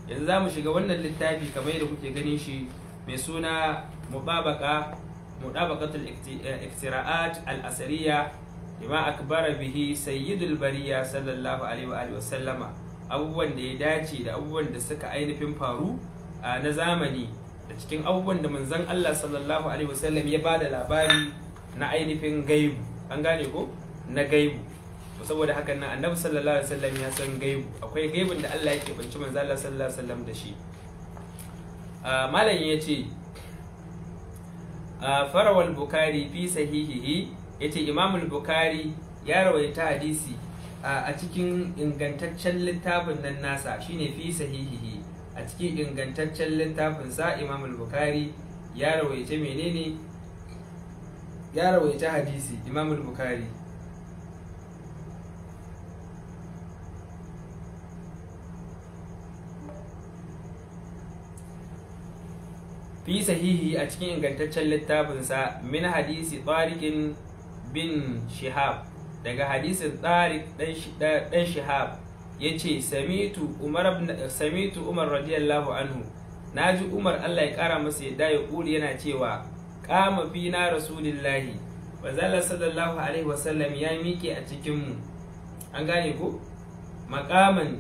yanzu za mu shiga wannan littafi kamar yadda kuke ganin shi mai suna mubabaka mudabakatul eh, iktira'at al-asariya bima akbara bihi sayyidul bariya sallallahu alaihi wa alihi wa sallama abubuwan da ya dace da abubuwan da suka ainihin faru na zamani da cikin abubuwan da manzan Allah sallallahu alaihi wasallam ya bada labari na ainihin gaibu an gane ko na gaibu saboda hakan nan annabi sallallahu alaihi wasallam ya san gaibu akwai gaibun da Allah yake banci manzon Allah sallallahu alaihi wasallam da shi malam ya ce farawal bukari fi sahihihi ya ce imamul bukari ya rawaita hadisi a cikin ingantaccen littafin nan nasa shine fi sahihihi a cikin ingantaccen littafin sa imam al-bukhari ya rawaice menene ya rawaita hadisi imam al-bukhari fi sahihi a cikin ingantaccen littafinsa min hadisi tsarikin bin shihab daga hadisin tsarik dan shihab ya ce umar samitu umar radiyallahu anhu na ji umar Allah ya kara masa yadda ya kuli yana cewa kama fi na rasulillahi manzala sallallahu alaihi wasallam ya miƙe a cikinmu an gane ko makaman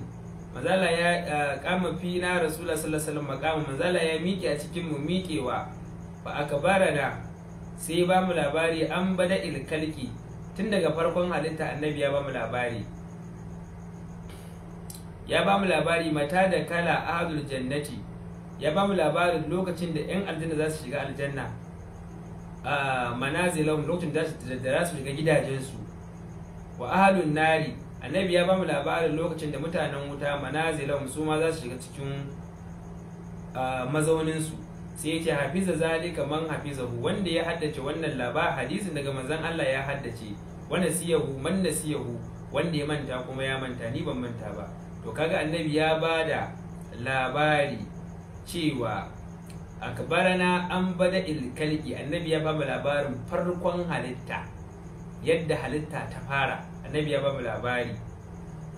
mazala ya kama eh, fi na rasulullah sallallahu alaihi wasallam makaman manzala ya miƙe a cikinmu miƙewa ba a ka bara da sai ba mu labari an bada ilkalki tun daga farkon halitta annabi ya ba mu labari ya ba mu labari mata da kala ahadul jannati ya ba mu labarin lokacin da 'yan aljanna za su shiga aljanna a manazilahum lokacin da za su shiga gidajensu wa ahadun nari annabi ya ba mu labarin lokacin da mutanen wuta manazilahum su ma za su shiga cikin mazauninsu sai ya ce hafiza kamar Hafiza Hu wanda ya haddace wannan labar hadisin daga manzon Allah ya haddace wanda siyahu man siyahu wanda ya manta kuma ya manta ni ban manta ba to kaga annabi ya bada labari cewa akbarana an bada ilkalki annabi ya bamu labarin farkon halitta yadda halitta ta fara annabi ya bamu labari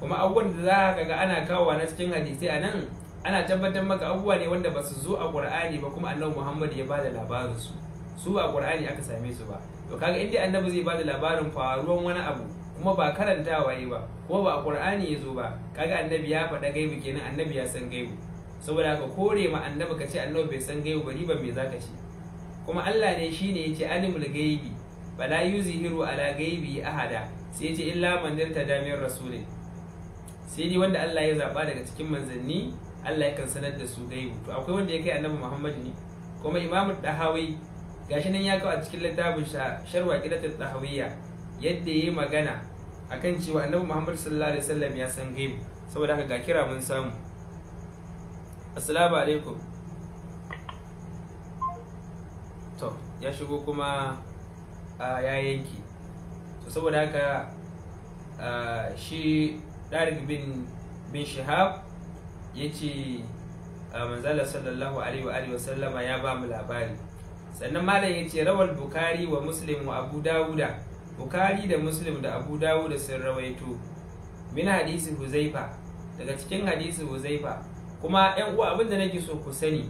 kuma abubuwan da za ka ga ana kawo na cikin hadisai a nan ana tabbatar maka abubuwa ne wanda ba su zo a qur'ani ba kuma annabi muhammad ya bada labarin su su a qur'ani aka same su ba to kaga inda annabi zai bada labarin faruwan wani abu kuma ba karantawa yi ba ko ba qur'ani ya zo ba kaga annabi ya faɗa gaibu kenan annabi ya san gaibu saboda ka kore ma annabi ka ce annabi bai san gaibu ba ban me zaka ce kuma Allah ne shine yace alimul gaibi bala yuzhiru ala gaibi ahada sai yace illa man dartada min rasulin sai dai wanda Allah ya zaba daga cikin manzanni Allah yakan sanar da su gaibu to akwai wanda ya kai annabi Muhammad ne kuma imamu dahawi gashi nan ya kawo a cikin littafin sharwa kidatul dahawiyya yadda ya yi magana a kan cewa annabi muhammad sallallahu alaihi wasallam ya san gaibu saboda haka ga kira mun samu assalamu alaikum to ya shigo kuma ya yanki to saboda haka shi ɗarik bin bin ya ce manzala sallallahu alaihi wa sallama ya ba mu labari sannan malam ya ce rawar bukari wa muslim wa abu dawuda bukari da muslim da abu dawo da sun rawaito min hadisi huzaifa daga cikin hadisi huzaifa kuma yan uwa abin da nake so ku sani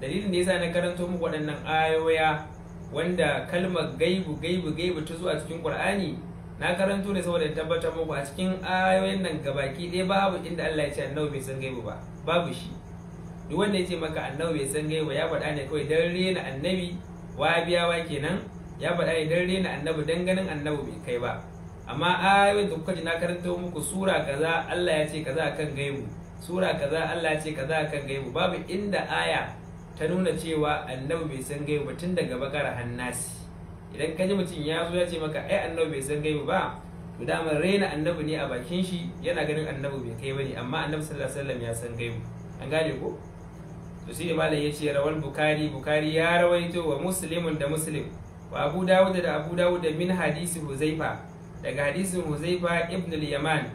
dalilin da yasa na karanto muku waɗannan ayoya wanda kalmar gaibu gaibu gaibu ta zo a cikin qur'ani na karanto ne saboda tabbatar muku a cikin ayoyin nan gabaki ɗaya babu inda Allah ya ce annabi bai san gaibu ba babu shi duk wanda ya ce maka annabi bai san gaibu ya faɗa ne kawai dan rena annabi wa wa kenan ya faɗa ne dan rena annabi dan ganin annabi bai kai ba amma ayoyin da kuka ji na karanta muku sura kaza Allah ya ce kaza kan gaibu sura kaza Allah ya ce kaza kan gaibu babu inda aya ta nuna cewa annabi bai san gaibu tun daga bakar hannasi idan ka ji mutum ya zo ya ce maka ai annabi bai san gaibu ba to dama raina annabi ne a bakin shi yana ganin annabi bai kai bane amma annabi sallallahu alaihi wasallam ya san gaibu an gane ko to shi ne ya ce rawal bukari bukari ya rawaito wa muslimun da muslim wa abu dawud da abu dawud min hadisi huzaifa daga hadisin huzaifa ibn yaman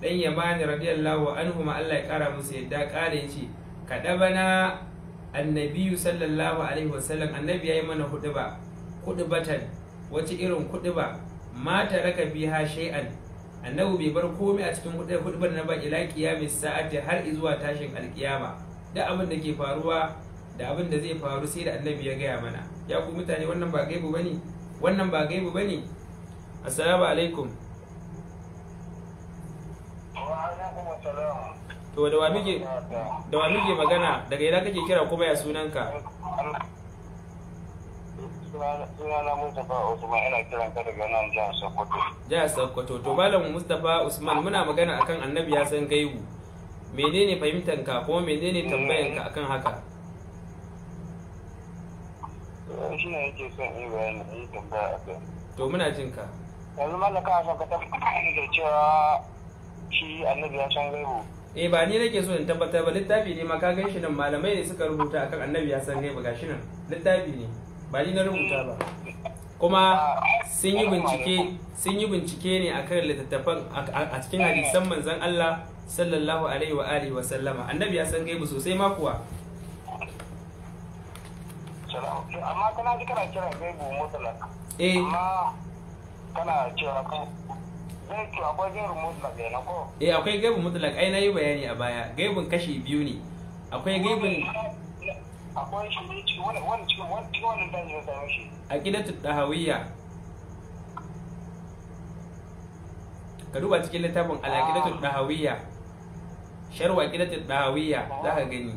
dan yaman radiyallahu anhu ma Allah ya kara musu yadda kare ce kadabana Annabi sallallahu alaihi wasallam annabi yayi mana huduba hudubatan wace irin huduba ma taraka biha shay'an annabi bai bar komai a cikin hudubar na ba mai qiyamis sa'ati har zuwa tashin alkiyama da abin da ke faruwa da abin da zai faru sai da annabi ya gaya mana ya ku mutane wannan ba gaibu bane wannan ba gaibu bane assalamu alaikum to da wa muke da wa muke magana daga ina kake kira kuma ya sunanka sunana Mustapha Usman kiran ka Sokoto. Sokoto to malam Mustapha Usman muna magana akan annabi ya san gaibu menene fahimtanka kuma menene tambayanka akan haka? shi ne yake son yi bayani yi tambaya a kai to muna jin ka yanzu mallaka a son ka tabbatar da cewa shi annabi ya san gaibu eh ba ni nake so in tabbatar ba littafi ne ma ka gan shi nan malamai ne suka rubuta akan annabi ya san gaibu gashi nan littafi ne ba ni na rubuta ba kuma sun yi bincike sun yi bincike ne akan littattafan a cikin hadisan manzon Allah sallallahu alaihi wa alihi wa sallama annabi ya san gaibu sosai ma kuwa amma kana ji kana kiran gaibu mutlak amma kana cewa zai ce akwai gaibu mutlak ne ko eh akwai gaibu mutlak ai na yi bayani a baya gaibun kashi biyu ne akwai gaibun akwai shi wani wani cikin wani cikin wani dan ya same shi aqidatu tahawiyya ka duba cikin littafin al-aqidatu sharwa sharh aqidatu tahawiyya za ka gani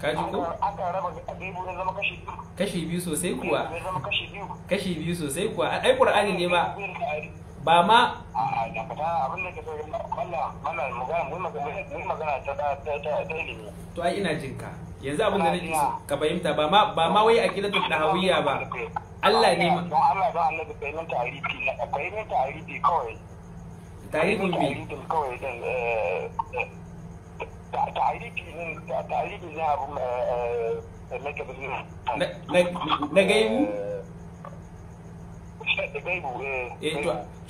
ka ko biyu kashi biyu sosai kuwa kashi biyu sosai kuwa ai qur'ani ne ma ba ma a da fata abin da to ai ina jinka yanzu abin da nake ka fahimta ba ma ba ma wai aqidatul ba Allah ne ma Allah Allah tarihi na kawai kawai tarihi na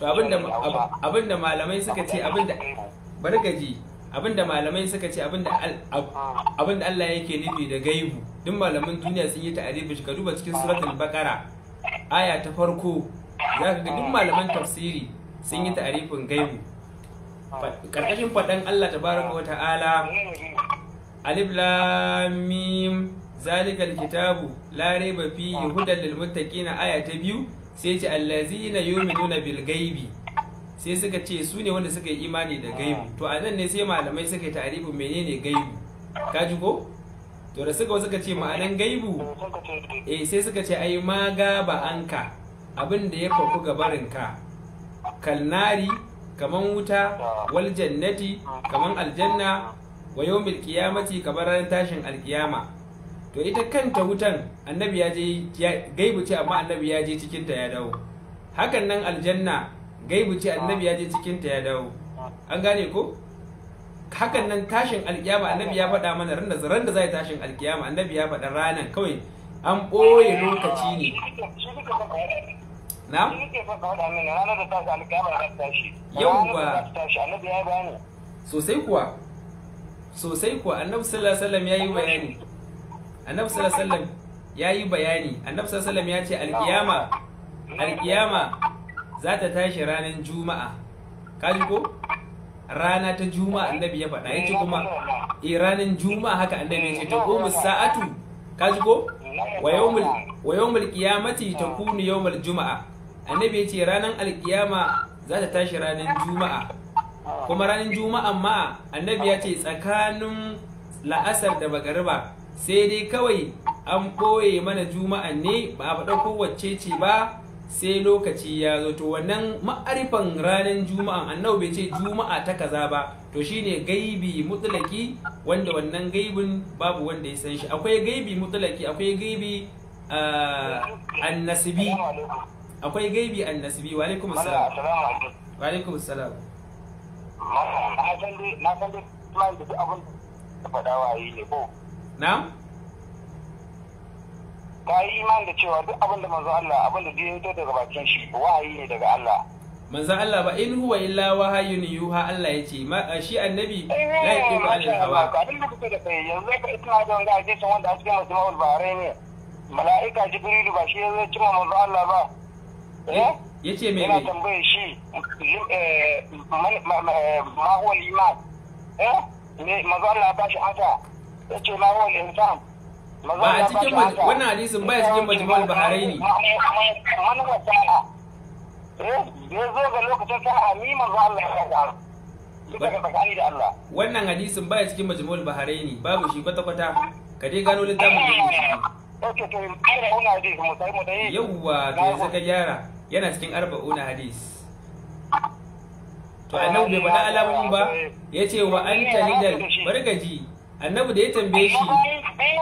abu na abinda malamai suka ce abinda bargaji gaji abinda malamai suka ce abinda Allah yake nufi da gaibu duk malaman duniya sun yi ta'arifi shi ka duba cikin suratul bakara, aya ta farko za ka ga duk malaman tafsiri sun yi ta'arifin gaibu karkashin faɗan Allah tabaraka wa ta'ala alif lam mim zalika kitabu la rayba fihi hudan lil aya biyu sai ce allazina yu'minuna bil ghaibi sai suka ce su ne wanda suka yi imani da gaibu, to a nan ne sai malamai suka yi tarifin menene gaibu? ka ji ko to da suka suka ce ma'anan gaibu eh sai suka ce ai ma anka abin da ya faku gabarin ka kalnari kaman wuta wal jannati kaman aljanna wa yawmil qiyamati kamar ran tashin alkiyama to ita kanta wutan annabi ya je gaibu ce amma annabi ya je cikin ta ya dawo hakan nan aljanna gaibu ce annabi ya je cikin ta ya dawo an gane ko hakan nan tashin alkiyama annabi ya faɗa mana ran da ran da zai tashin alkiyama annabi ya faɗa ranan kawai an ɓoye lokaci ne na? yauwa sosai kuwa sosai kuwa annabi sallallahu alaihi ya yi bayani annabi sallallahu alaihi ya yi bayani annabi sallallahu alaihi ya ce alkiyama alkiyama za ta tashi ranar juma'a kaji ko rana ta juma'a annabi ya faɗa ya ce kuma e ranar juma'a haka annabi ya ce ta goma sa'atu kaji ko wa yawmul qiyamati takunu yawmul juma'a annabi ya ce ranar alkiyama za ta tashi ranar juma'a kuma ranar juma'a ma annabi ya ce tsakanin la'asar da magariba sai dai kawai an ɓoye mana juma'a ne ba a faɗa kowace ce ba sai lokaci ya zo to wannan ma'arifan ranar juma'a annabi bai ce juma'a ta kaza ba to shine gaibi mutlaki wanda wannan gaibin babu wanda ya san shi akwai gaibi mutlaki akwai gaibi ah, annasibi akwai gaibi nasibi wa alaikum assalam wa alaikum na san duk abin da fadawa yi ne ko na'am ka yi iman da cewa duk abin da manzo Allah abin da ya fito daga bakin shi wahayi ne daga Allah manzo Allah ba in huwa illa wahayun yuha Allah yace ma shi annabi eh, la yaqimu al hawa abin da kuke da kai yanzu ka ita da wanda ake son wanda ne mala'ika Jibril ba shi yazo cimma manzo Allah ba Eh? ya ce mai mai tambayar shi eh maza eh, eh? Allah ba shi haka ya ce ma insan ba a cikin wannan hadisin ba cikin eh ya zo ga lokacin sa'a ni Allah ya wannan hadisin cikin babu shi kwata kwata ka dai gano littafin da yawwa to yanzu ka gyara yana cikin arba'una hadis to annabi bai faɗa alamomin ba ya ce wa an talidal bargaji annabi da ya tambaye shi na'am sai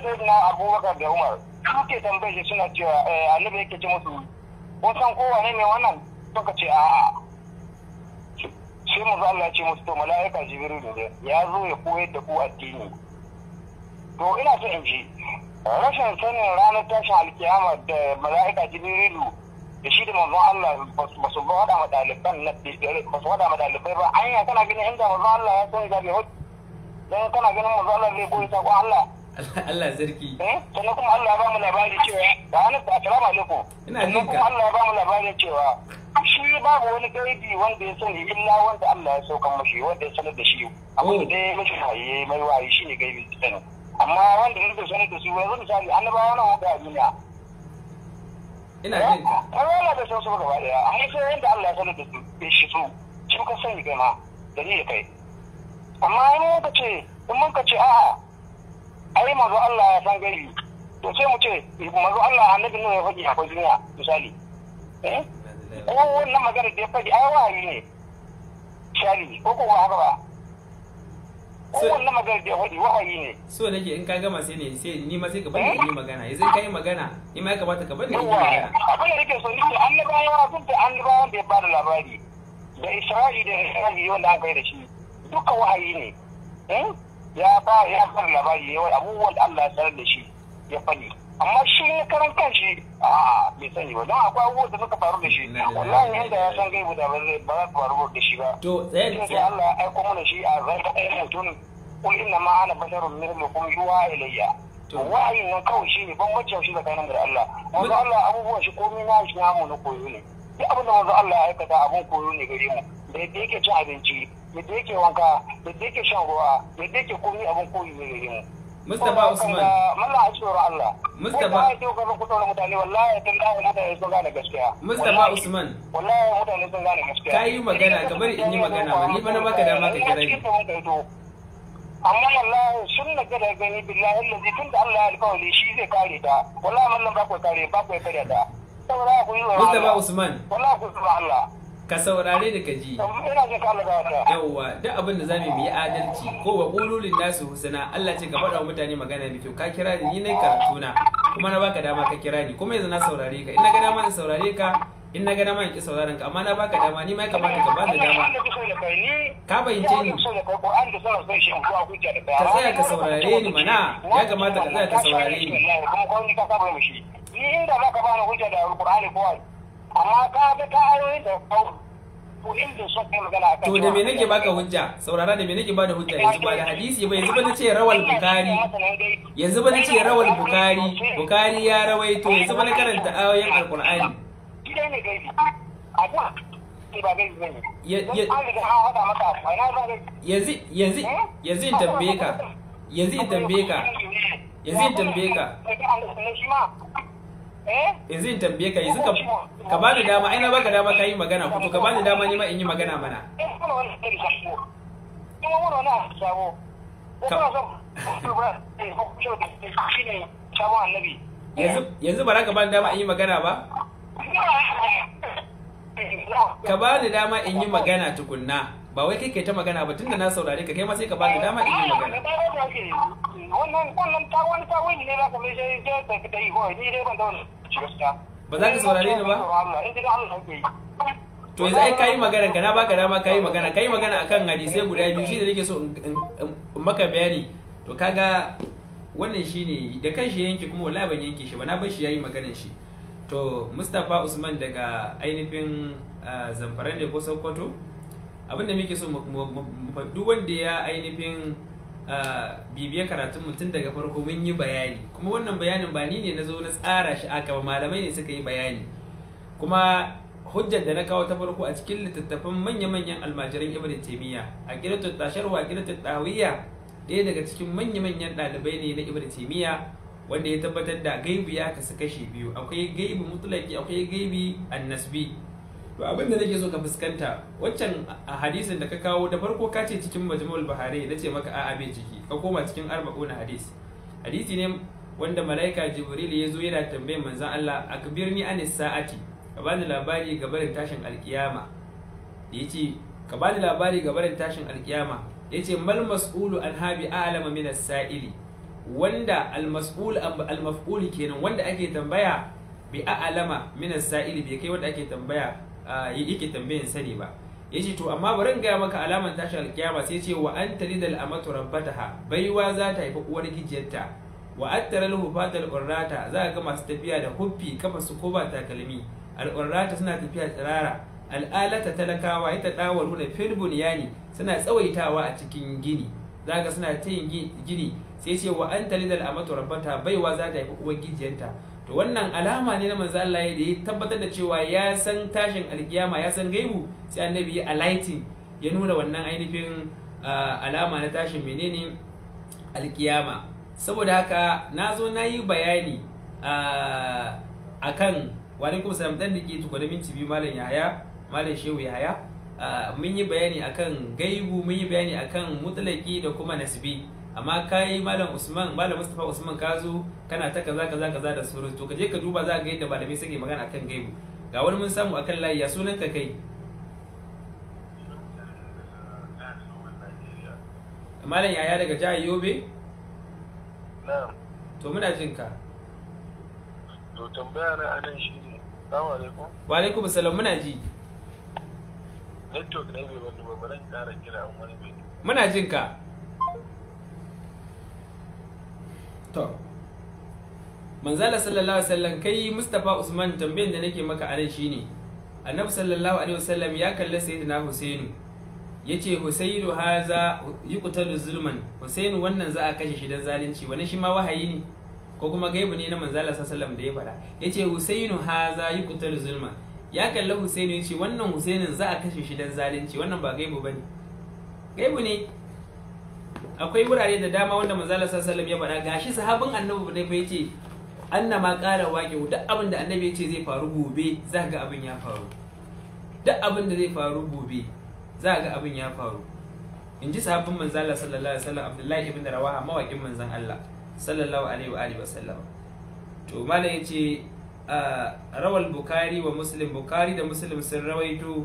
sai na abubakar da umar suke tambaye shi suna cewa annabi yake ce musu kun san kowane ne wannan suka ce a'a sai manzo Allah ya ce musu to mala'ika jibril ne ya zo ya koyar da ku addini to ina so in ji rashin sanin ranar tashin alkiyama da mala'ika jibrilu da shi da manzon Allah ba su wada ma daliban na ba su wada ma dalibai ba anya kana ganin inda manzon Allah ya san zabe hot dan kana ganin manzon Allah zai koyi sakon Allah Allah sarki eh sannan kuma Allah ya ba mu labari cewa da hannun assalamu alaikum ina jin kuma Allah ya ba mu labari cewa shi babu wani gaibi wanda ya sani illa wanda Allah ya saukan mashi wanda ya sanar da shi abin da oh. ya mashi haye mai wayi shine gaibi sanin amma wanda ya rike sanar da su yanzu misali annabawa na wanda a duniya ina jin ka kuma yana da sauransu gaba daya a sai yadda Allah ya sanar da su bai shi su shi ka sani kai ma da ni ya kai amma wani ka ce in mun ka ce a'a ai mazo Allah ya san gari to sai mu ce mazo Allah annabi ne ya faɗi akwai duniya misali eh ko wannan magana da ya faɗi ai wahayi ne misali ko ko haka ba kowanne magana da ya faɗi wahayi ne so nake in ka gama sai ne sai ni ma sai ka bani eh? ni magana yanzu kai magana ni ma ya kamata ka bani ni magana abin da nake so ni ne annabawa duk da annabawan da ya bada labari da isra'i da isra'i wanda an kai da shi duka wahayi ne eh? ya ba ya bada labari ne abubuwan da Allah ya sanar da shi ya faɗi amma shi ne karan kanshi a bai sani ba don akwai abubuwa da suka faru da shi wallahi yanda ya san gaibu da ba za su faru da shi ba to tsaye sai Allah ya aiko mana shi a zai ɗaya mutum kun inna ma ana basharun mithlukum yuwa ilayya to wa'ayin nan kawai shi ne bambancin shi tsakanin da Allah wanda Allah abubuwan shi komai na shi na mu na koyo ne duk abin da wanda Allah ya aikata abun koyo ne gare mu da yadda yake cin abinci yadda yake wanka yadda yake shan ruwa yadda yake komai abun koyo ne gare mu Mustapha Usman. Allah ya tsoro Allah. Mustapha. Ko ya ka ku tsoro mutane wallahi tun da da yaso gane gaskiya. Mustapha Usman. Wallahi mutane sun gane gaskiya. Kai yi magana ka bari in yi magana ba ni ba na baka dama ka kira ni. amma wallahi sun na gada gani billahi allazi tun da Allah ya alƙawari shi zai kare ta wallahi mallan ba ku kare ba ku kare ta Mustapha Usman wallahi ku tsoro Allah ka saurare da ka ji yawwa duk abin da zamu yi adalci ko wa qululin nasu husana Allah ce ka faɗa wa mutane magana mai kyau ka kira ni nayi karatu na kuma na baka dama ka kira ni kuma yanzu na saurare ka in na ga dama na saurare ka in na ga dama in ki sauraron ka amma na baka dama ni ma ya kamata ka bani dama ka bayyance ni ka tsaya ka saurare ni mana ya kamata ka tsaya ka saurare ni ni inda zaka bani hujja da alqur'ani ko amma ka ga ta ayoyi da kawo to inda sun kai magana akan to da me nake baka hujja saurara da me nake bada hujja yanzu ba da hadisi ba yanzu ba ce rawal bukari yanzu ba ce rawal bukari bukari ya rawaito yanzu ba na karanta ayoyin alqur'ani gidan ne gaibi yanzu yanzu eh? yanzu in tambaye ka yanzu in tambaye ka yanzu in tambaye ka yanzu eh? in tambaye ka yanzu ka ba ni dama ina baka dama ka yi magana to ka ba ni dama ni ma in yi magana mana yanzu ba za ka ba ni dama in yi magana ba ka ba ni dama in yi magana tukunna ba wai kai kai ta magana ba tunda na saurare ka kai ma sai ka bani dama in yi magana ba za ka saurare ni ba to yanzu ai kayi magana ka na baka dama kayi magana kayi magana akan hadisai guda biyu shi da nake so in maka bayani to kaga wannan shine da kan shi yanke kuma wallahi ban yanke shi ba na bar shi yayi maganar shi to Mustapha Usman daga ainihin ah, zamfara ne ko Sokoto abin da muke so duk wanda ya ainihin ah, bibiyar karatun mutum daga farko mun yi bayani kuma wannan bayanin ba ni ne na zo na tsara shi aka ba malamai ne suka yi bayani kuma hujjar da na kawo ta farko a cikin littattafan manya-manyan almajiran ibn taimiyya a kiratu tasharwa wa kiratu ɗaya daga cikin manya-manyan ɗalibai ne na ibn taimiyya wanda ya tabbatar da gaibu ya kasu kashi biyu akwai gaibu mutlaki akwai gaibi annasbi to abin da nake so ka fuskanta waccan hadisin da ka kawo da farko ka ce cikin majmu'ul bahari na ce maka a'a bai ciki ka koma cikin arba'una hadis hadisi ne wanda malaika jibril ya zo yana tambayar manzon Allah akbirni anis sa'ati ka bani labari ga barin tashin alkiyama yace ka bani labari ga barin tashin alkiyama yace mal mas'ulu an habi a'lama min as-sa'ili wanda al-mas'ul al-maf'ul kenan wanda ake tambaya bi a'lama min as-sa'ili bai kai wanda ake tambaya yake tambayin sani ba Ya ce to amma bari in gaya maka alaman tashin alkiyama sai ce wa an talidal amatu rabbataha baiwa za ta haifi uwar gijiyarta wa attara lahu fatal al'urrata za ga masu tafiya da huffi kafa su ko ba takalmi al'urrata suna tafiya tsirara al'alata talakawa ita dawaru nuna fil yani suna tsawaitawa a cikin gini za ga suna ta yin gini sai ce wa an talidal amatu rabbataha baiwa za ta haifi uwar gijiyarta to wannan alama ne na manzo Allah da ya tabbatar da cewa ya san tashin alkiyama ya san gaibu sai annabi ya alaitin ya nuna wannan ainihin ah, alama na tashin menene alkiyama saboda haka na zo na yi bayani ah, akan, kan wani kuma salam dan da ke tukwane minti biyu malam yahaya malam shehu yahaya ah, mun yi bayani akan gaibu mun yi bayani akan mutlaki da kuma nasibi amma yi malam usman malam mustapha usman ka zo kana ta kaza kaza kaza da sauran to ka je ka duba za ka ga yadda malamai suke magana akan gaibu ga wani mun samu akan layi ya sunan ka kai malam yaya daga jihar yobe to muna jin ka to tambaya na anan shi ne assalamu alaikum wa alaikum assalam muna ji network ne bai wani ba bari kara kira wani bai muna jin ka to manzala sallallahu alaihi wasallam kai mustafa usman tambayin da nake maka a anan shine annabi sallallahu alaihi wasallam ya kalle sayyidina husain yace husainu haza yuqtalu zulman husainu wannan za a kashe shi dan zalunci wani shi ma wahayi ne ko kuma gaibu ne na manzala sallallahu da ya fara yace husainu haza yuqtalu zulman ya kalle husainu yace wannan husainin za a kashe shi dan zalunci wannan ba gaibu bane gaibu ne akwai wurare da dama wanda manzala sallallahu ya faɗa gashi sahabin annabi ne fa yace anna ma qala waqi duk abin da annabi yace zai faru gobe za ga abin ya faru duk abin da zai faru gobe za ga abin ya faru in ji sahabin manzala sallallahu alaihi wasallam abdullahi ibn rawaha mawakin manzan Allah sallallahu alaihi wa alihi wasallam to malam yace rawal bukari wa muslim bukari da muslim sun rawaito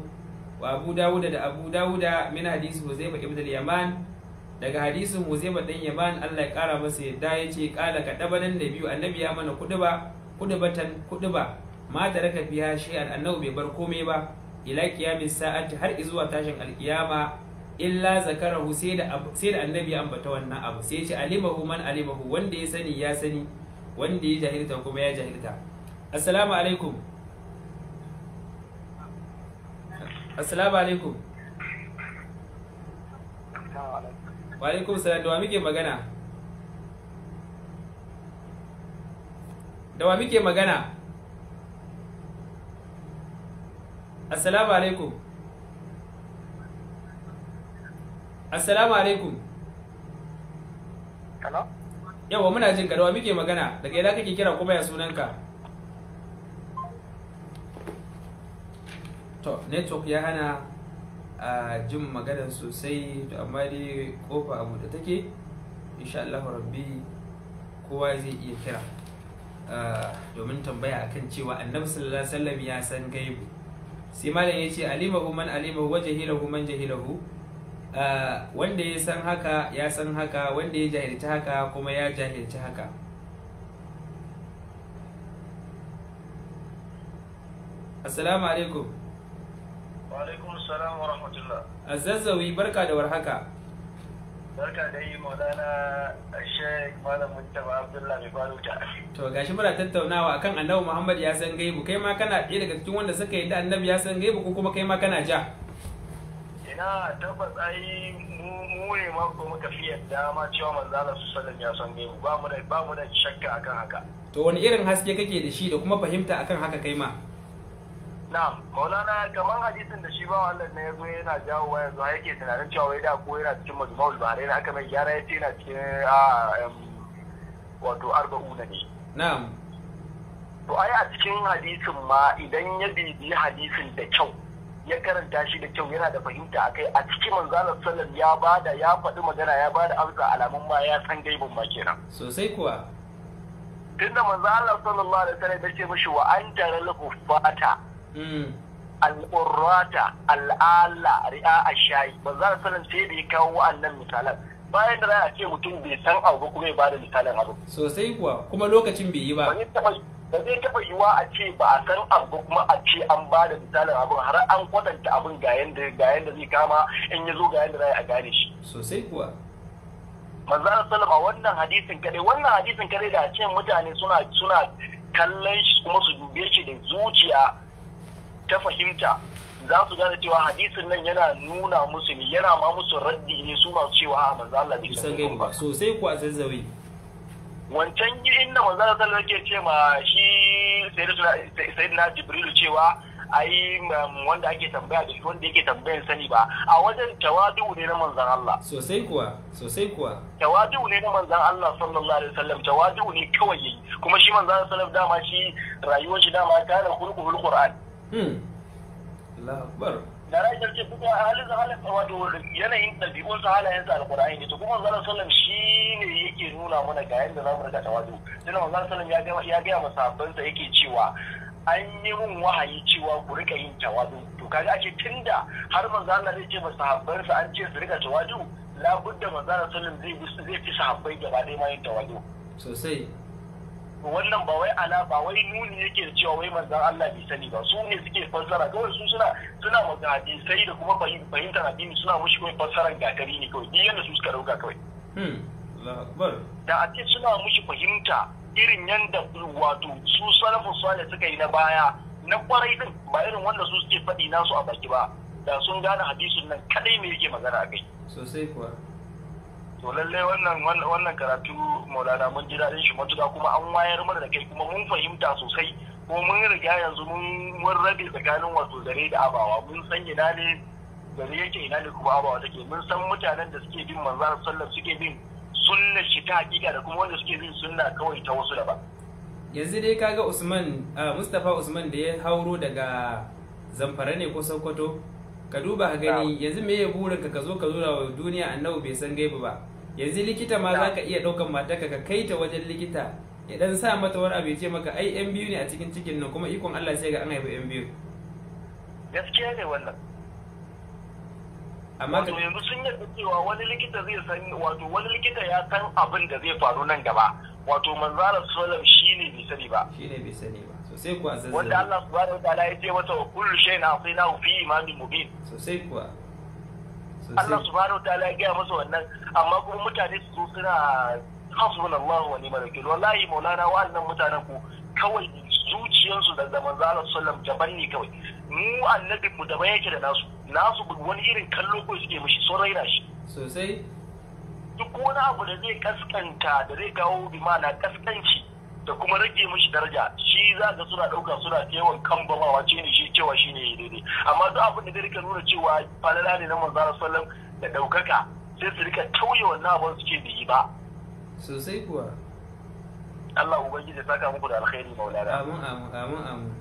wa abu dawuda da abu dawuda min hadisi huzaifa ibn al-yaman daga hadisin Huzaima dan Yaman Allah ya kara masa yadda yace kala ka nan da biyu annabi ya mana kuduba kudubatan kuduba ma fi ha shay'an annabi bai bar komai ba ila qiyamis sa'ati har zuwa tashin alkiyama illa zakara sai da sai da annabi ya ambata wannan abu sai ce alimahu man alimahu wanda ya sani ya sani wanda ya jahilta kuma ya jahilta assalamu alaikum assalamu alaikum wa alaikum salam da wa muke magana da wa muke magana assalamu alaikum assalamu alaikum yawa muna jin da wa muke magana daga yadda kake kira kuma ya sunanka to network ya hana a jin maganar sosai to amma dai kofa a da take insha Allah rabbi kowa zai iya kira domin tambaya akan cewa annabi sallallahu alaihi wasallam ya san gaibu sai malam yace alimahu man alimahu wa jahilahu man jahilahu wanda ya san haka ya san haka wanda ya jahilci haka kuma ya jahilci haka assalamu alaikum Wa salam wa rahmatullah. Azazzawi barka da warhaka. Barka da yi maulana Sheikh Malam Muntaba Abdullah mai baruta. To gashi muna tattaunawa akan Annabi Muhammad ya san gaibu kai ma kana ɗaya daga cikin wanda suka yi da Annabi ya san gaibu ko kuma kai ma kana ja. Ina tabbas ai mu ne ma ko muka fi yadda ma cewa manzo su sallan ya san gaibu ba mu da ba mu da shakka akan haka to wani irin haske kake da shi da kuma fahimta akan haka kai ma na maulana kamar hadisin da shi ba wannan ne yazo yana jawo jawowa yanzu yake tunanin cewa wai da ko yana cikin majmu'ul bahrain aka mai gyara yace yana cikin a wato arba'una ne na'am to ai a cikin hadisin ma idan ya bibi hadisin da kyau ya karanta shi da kyau yana da fahimta akai a cikin manzalar sallam ya bada ya faɗi magana ya bada amsa alamun ma ya san gaibin ma kenan sosai kuwa tunda manzalar sallallahu alaihi wasallam ya ce mishi wa an tara lukufata al'urrata al'ala ri'a a shayi ba za a sanin sai da ya kawo wa'annan misalan bayan da za a ce mutum bai san abu ba kuma ya bada misalan abu sosai kuwa kuma lokacin bai yi ba ba zai taɓa yiwa a ce ba a san abu kuma a ce an ba da misalin abu. har an kwatanta abin ga yanda ga yanda zai kama in ya zo ga yanda za a gane shi sosai kuwa manzara salama wannan hadisin kadai wannan hadisin kadai da a ce mutane suna suna kallon shi kuma su dube shi da zuciya ta fahimta za su gane cewa hadisin nan yana nuna musu ne yana ma musu raddi ne su masu cewa a manzo Allah bai san ba sosai kuwa zazzawi wancan gidan da manzo Allah ke ce ma shi sayyidina Jibril cewa ai wanda ake tambaya da wanda yake tambayan sani ba a wajen tawadu ne na manzon Allah sosai kuwa sosai kuwa tawadu ne na manzon Allah sallallahu alaihi wasallam tawadu ne kawai kuma shi manzon Allah sallallahu alaihi wasallam dama shi rayuwar shi dama ta da hulqul Qur'an Allah da rai sarki kuma halin halin wato yanayin su halayen su alƙur'ani to kuma sallam shi ne yake nuna mana ga yadda za mu riga tawadu sallam ya gaya ya yake cewa an yi mun wahayi cewa ku rika yin tawadu to kaga ake tunda har manzon Allah zai ce an ce su rika tawadu labudda zai zai fi sahabbai gaba ɗaya ma yin tawadu sosai wannan ba wai ala ba wai nuni yake da cewa wai manzon Allah bai sani ba su ne suke fassara kawai su suna suna sai da kuma fahimtar addini suna mushi kawai fassaran gatari ne kawai din yanda su suka dauka kawai hmm. da a ce suna mushi fahimta irin yanda wato su salafu salih suka yi na baya na kwarai din ba irin wanda su suke faɗi nasu a baki ba da sun gane hadisin nan kadai ne yake magana a kai sosai kuwa to lallai wannan wannan karatu maulana mun ji daɗin shi matuƙa kuma an wayar mana da kai kuma mun fahimta sosai ko mun riga yanzu mun rabe tsakanin wato zare da abawa mun san ina ne zare yake ina ne kuma abawa take mun san mutanen da suke bin manzan sallar suke bin sunna shi ta hakika da kuma wanda suke bin sunna kawai ta wasu daban yanzu dai kaga Usman ah, Mustapha Usman da ya hauro daga Zamfara ne ko Sokoto ka duba ka gani yanzu me ya burin ka zo ka zura wa duniya annabi bai san gaibu ba yanzu likita ma za ka iya ɗaukan matarka ka kai ta wajen likita ya dan sa mata wani abu ya ce maka ai yan biyu ne a cikin cikin nan kuma ikon Allah sai ga an haifi yan biyu gaskiya ne wannan amma wato yanzu sun yarda cewa wani likita zai san wato wani likita ya san abin da zai faru nan gaba wato manzalar sallam shine bai sani ba shine bai sani ba sosai kuwa zazzaba wanda Allah subhanahu wa ta'ala ya ce masa wa kullu shay'in a'tinahu fi imamin mubin sosai kuwa Allah subhanahu wa ta'ala ya gaya masa wannan amma kuma mutane su suna hasbunallahu wa ni'mal wakil wallahi maulana wa'annan mutanen ku kawai zuciyarsu da zaman zala sallam jaban ne kawai mu annabin mu daban yake da nasu nasu wani irin kallo ko suke mishi sun raina shi sosai duk wani abu da zai kaskanta da zai kawo bi ma'ana kaskanci da kuma rage mishi daraja shi za ga suna ɗauka suna yawan kan bamawa ce ne shi cewa shi ne daidai amma duk abin da zai ka nuna cewa falala ne na manzara sallan da ɗaukaka sai su rika tauye wannan abin suke da yi ba. sosai kuwa. Allah ubangiji ya saka muku da alkhairi maulana. amin amin amin amin.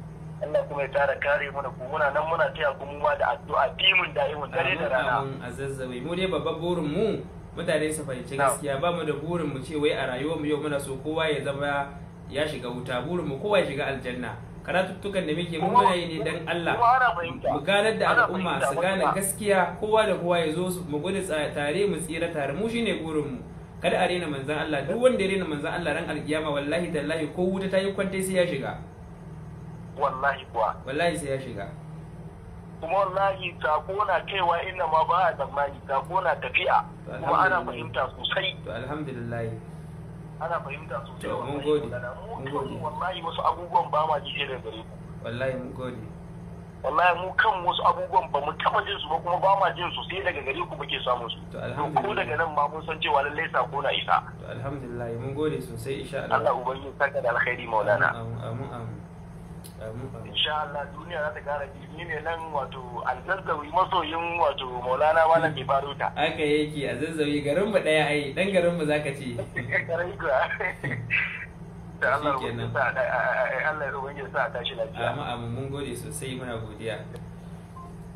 Allah kuma ya tara kare mana ku muna nan muna taya ku mu ma da addu'a dimin da'imin dare da rana amin azazzawai mu ne babban burin mu mutane su fahimci gaskiya ba mu da burin mu ce wai a rayuwar mu yau muna so kowa ya zama ya shiga wuta burin mu kowa ya shiga aljanna karatuttukan da muke mun muna yi ne dan Allah mu ganar da al'umma su gane gaskiya kowa da kowa ya zo mu gudu tare mu tsira tare mu shine burin mu kada a rena manzan Allah duk wanda ya rena manzan Allah ran alkiyama wallahi tallahi ko wuta ta yi kwantai sai ya shiga wallahi kuwa wallahi sai ya shiga kuma wallahi ta na kaiwa inda ma ba a tsammani ta na tafiya kuma ana fahimta sosai to alhamdulillah ana fahimta sosai mun gode mun gode wallahi wasu abubuwan ba ma ji irin gare ku wallahi mun gode wallahi mu kan wasu abubuwan ba mu taba jin su ba kuma ba ma jin su sai daga gare ku muke samun su to alhamdulillah ko daga nan ma mun san cewa lallai sako na isa to alhamdulillah mun gode sosai insha Allah Allah ubangiji saka da alkhairi maulana amin amin insha Allah duniya za ta kara ni ne nan wato zazzawi masoyin wato maulana malam bai faro Aka yi yake a zazzawi garin mu ɗaya ai dan garin mu zaka ce garin ku ah. da Allah ya sa Allah tashi lafiya amma amma mun gode sosai muna godiya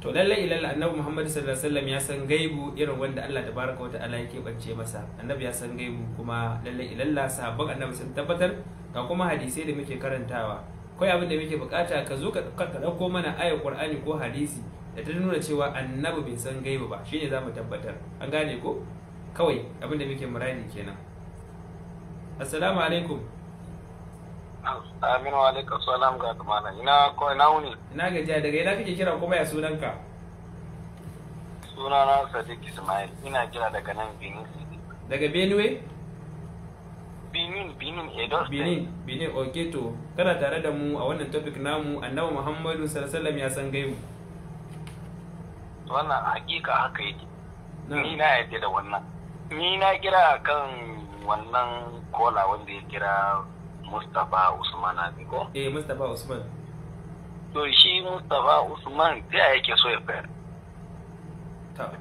to lallai ilal annabi Muhammad sallallahu alaihi wasallam ya san gaibu irin wanda Allah tabaraka wa ta'ala yake bance masa annabi ya san gaibu kuma lallai ilalla sahabban annabi sun tabbatar ga kuma hadisai da muke karantawa akwai abin da muke bukata ka zo ka dauko mana ayar qur'ani ko hadisi da ta nuna cewa annabi bai san gaiba ba shine za mu tabbatar an gane ko kawai abin da muke muradi kenan assalamu alaikum Aminu alaikum salam ga tumana ina ko ina wuni ina gajiya daga ina kake kira kuma ya sunanka sunana Sadiq Ismail ina kira daga nan Benin daga Benue Benin, Benin, Edo Benin, Benin, okay to. Kana tare da mu a wannan topic namu Annabi Muhammadu sallallahu ya san mu? Wannan hakika haka yake. Ni na yadda da wannan. Ni na kira kan wannan kola wanda ya kira Mustapha Usman Abiko. Eh, Mustapha Usman. To shi Mustapha Usman ta yake so ya fayar. Ta.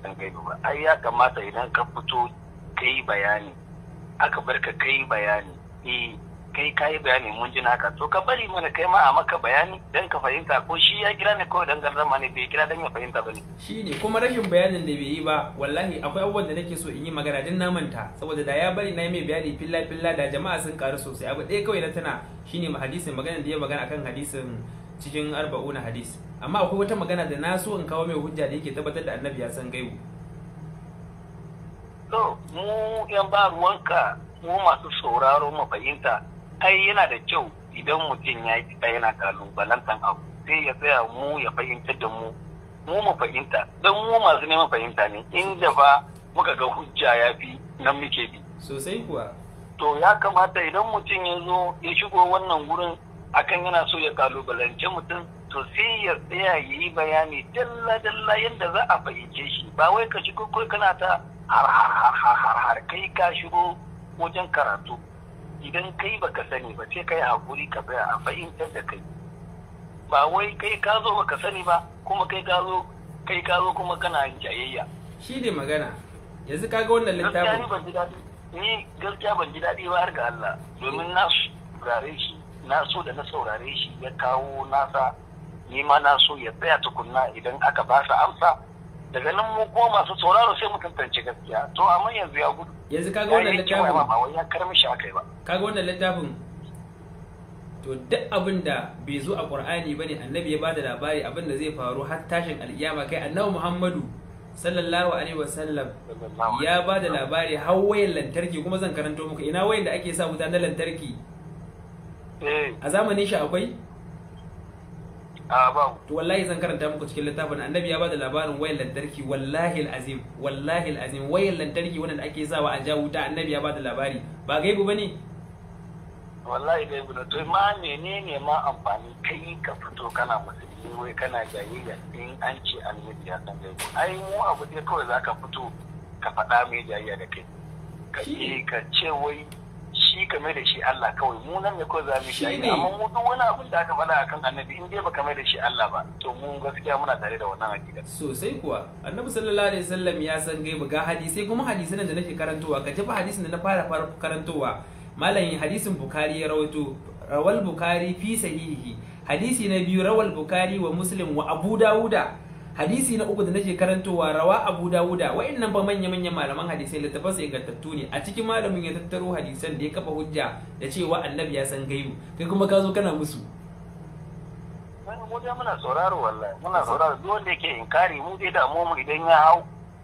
Ai ya kamata idan ka fito kai bayani aka bar ka kai bayani eh kai kai bayani mun ji naka to ka bari mana kai ma a maka bayani dan ka fahimta ko shi ya kira ne kawai dan zama ne bai kira dan ya fahimta bane ne kuma rashin bayanin da bai yi ba wallahi akwai abubuwan da nake so in yi magana din na manta saboda da ya bari na yi mai bayani filla filla da jama'a sun karu sosai abu ɗaya kawai na tana shine hadisin magana da ya magana akan hadisin cikin arba'u arba'una hadis amma akwai wata magana da na so in kawo mai hujja da yake tabbatar da annabi ya san gaibu So, mu yan ba ruwanka mu masu sauraro mu fahimta ai yana da kyau idan mutum ya yi yana kalubalantan abu sai ya tsaya mu ya fahimtar da mu mu mu fahimta don mu masu neman fahimta ne inda fa muka ga hujja ya fi nan muke bi sosai kuwa to ya kamata idan mutum ya zo ya shigo wannan gurin akan yana so ya kalubalance mutum to sai ya tsaya ya yi bayani dalla-dalla yadda za a fahimce shi ba wai ka shigo kana ta har har har har har har kai ka shigo wajen karatu idan kai baka sani ba sai kai hakuri ka bai a fahimtar da kai ba wai kai ka zo baka sani ba kuma kai ka zo kai ka zo kuma kana yin jayayya shi ne magana yanzu ka ga wannan littafin ni gaskiya ban ji daɗi ba har ga Allah domin na saurare shi na so da na saurare shi ya kawo nasa ni ma na so ya tsaya tukunna idan aka ba sa amsa daga nan mu kuma masu sauraro sai mu tantance gaskiya to amma yanzu ya gudu yanzu kaga wannan littafin ba wai ya karmi shi akai ba kaga wannan littafin to duk abin da bai zo a qur'ani bane annabi ya bada labari abin da zai faru har tashin alkiyama kai annabi muhammadu sallallahu alaihi wasallam ya bada labari har wayan lantarki kuma zan karanto muku ina wayan da ake sa wuta na lantarki eh. a zamanin shi akwai Ah, to wallahi zan karanta muku cikin littafin annabi ya bada labarin wayar lantarki wallahi azim wallahi azim wayar lantarki wanda ake sawa a ja wuta annabi ya bada labari ba gaibu bane wallahi gaibu da to ma menene ma amfani kai ka fito kana musulmi wai kana jahiliya in an ce annabi ya san gaibu ai mu abu dai kawai zaka fito ka faɗa mai jahiliya da kai ka eh, ce wai shi kame da shi Allah kawai mu nan ne kawai za mu shi amma mu duk wani abin da aka faɗa akan annabi in dai ba kame da shi Allah ba to mu gaskiya muna tare da wannan hakika sosai kuwa annabi sallallahu alaihi wasallam ya san gaibu ga hadisi kuma hadisin da nake karantowa ka tafi hadisin da na fara fara karantowa malamin hadisin bukari ya rawaito rawal bukari fi sahihi hadisi na biyu rawal bukari wa muslim wa abu dawuda hadisi na uku da nake karantowa rawa abu dawuda wa'annan ba manya manyan malaman hadisai littafan sai ingantattu ne a cikin malamin ya tattaro hadisan da ya kafa hujja da cewa annabi ya san gaibu kai kuma ka zo kana musu mu dai muna sauraro wallahi muna sauraro duk wanda yake inkari mu dai da mu idan ya hau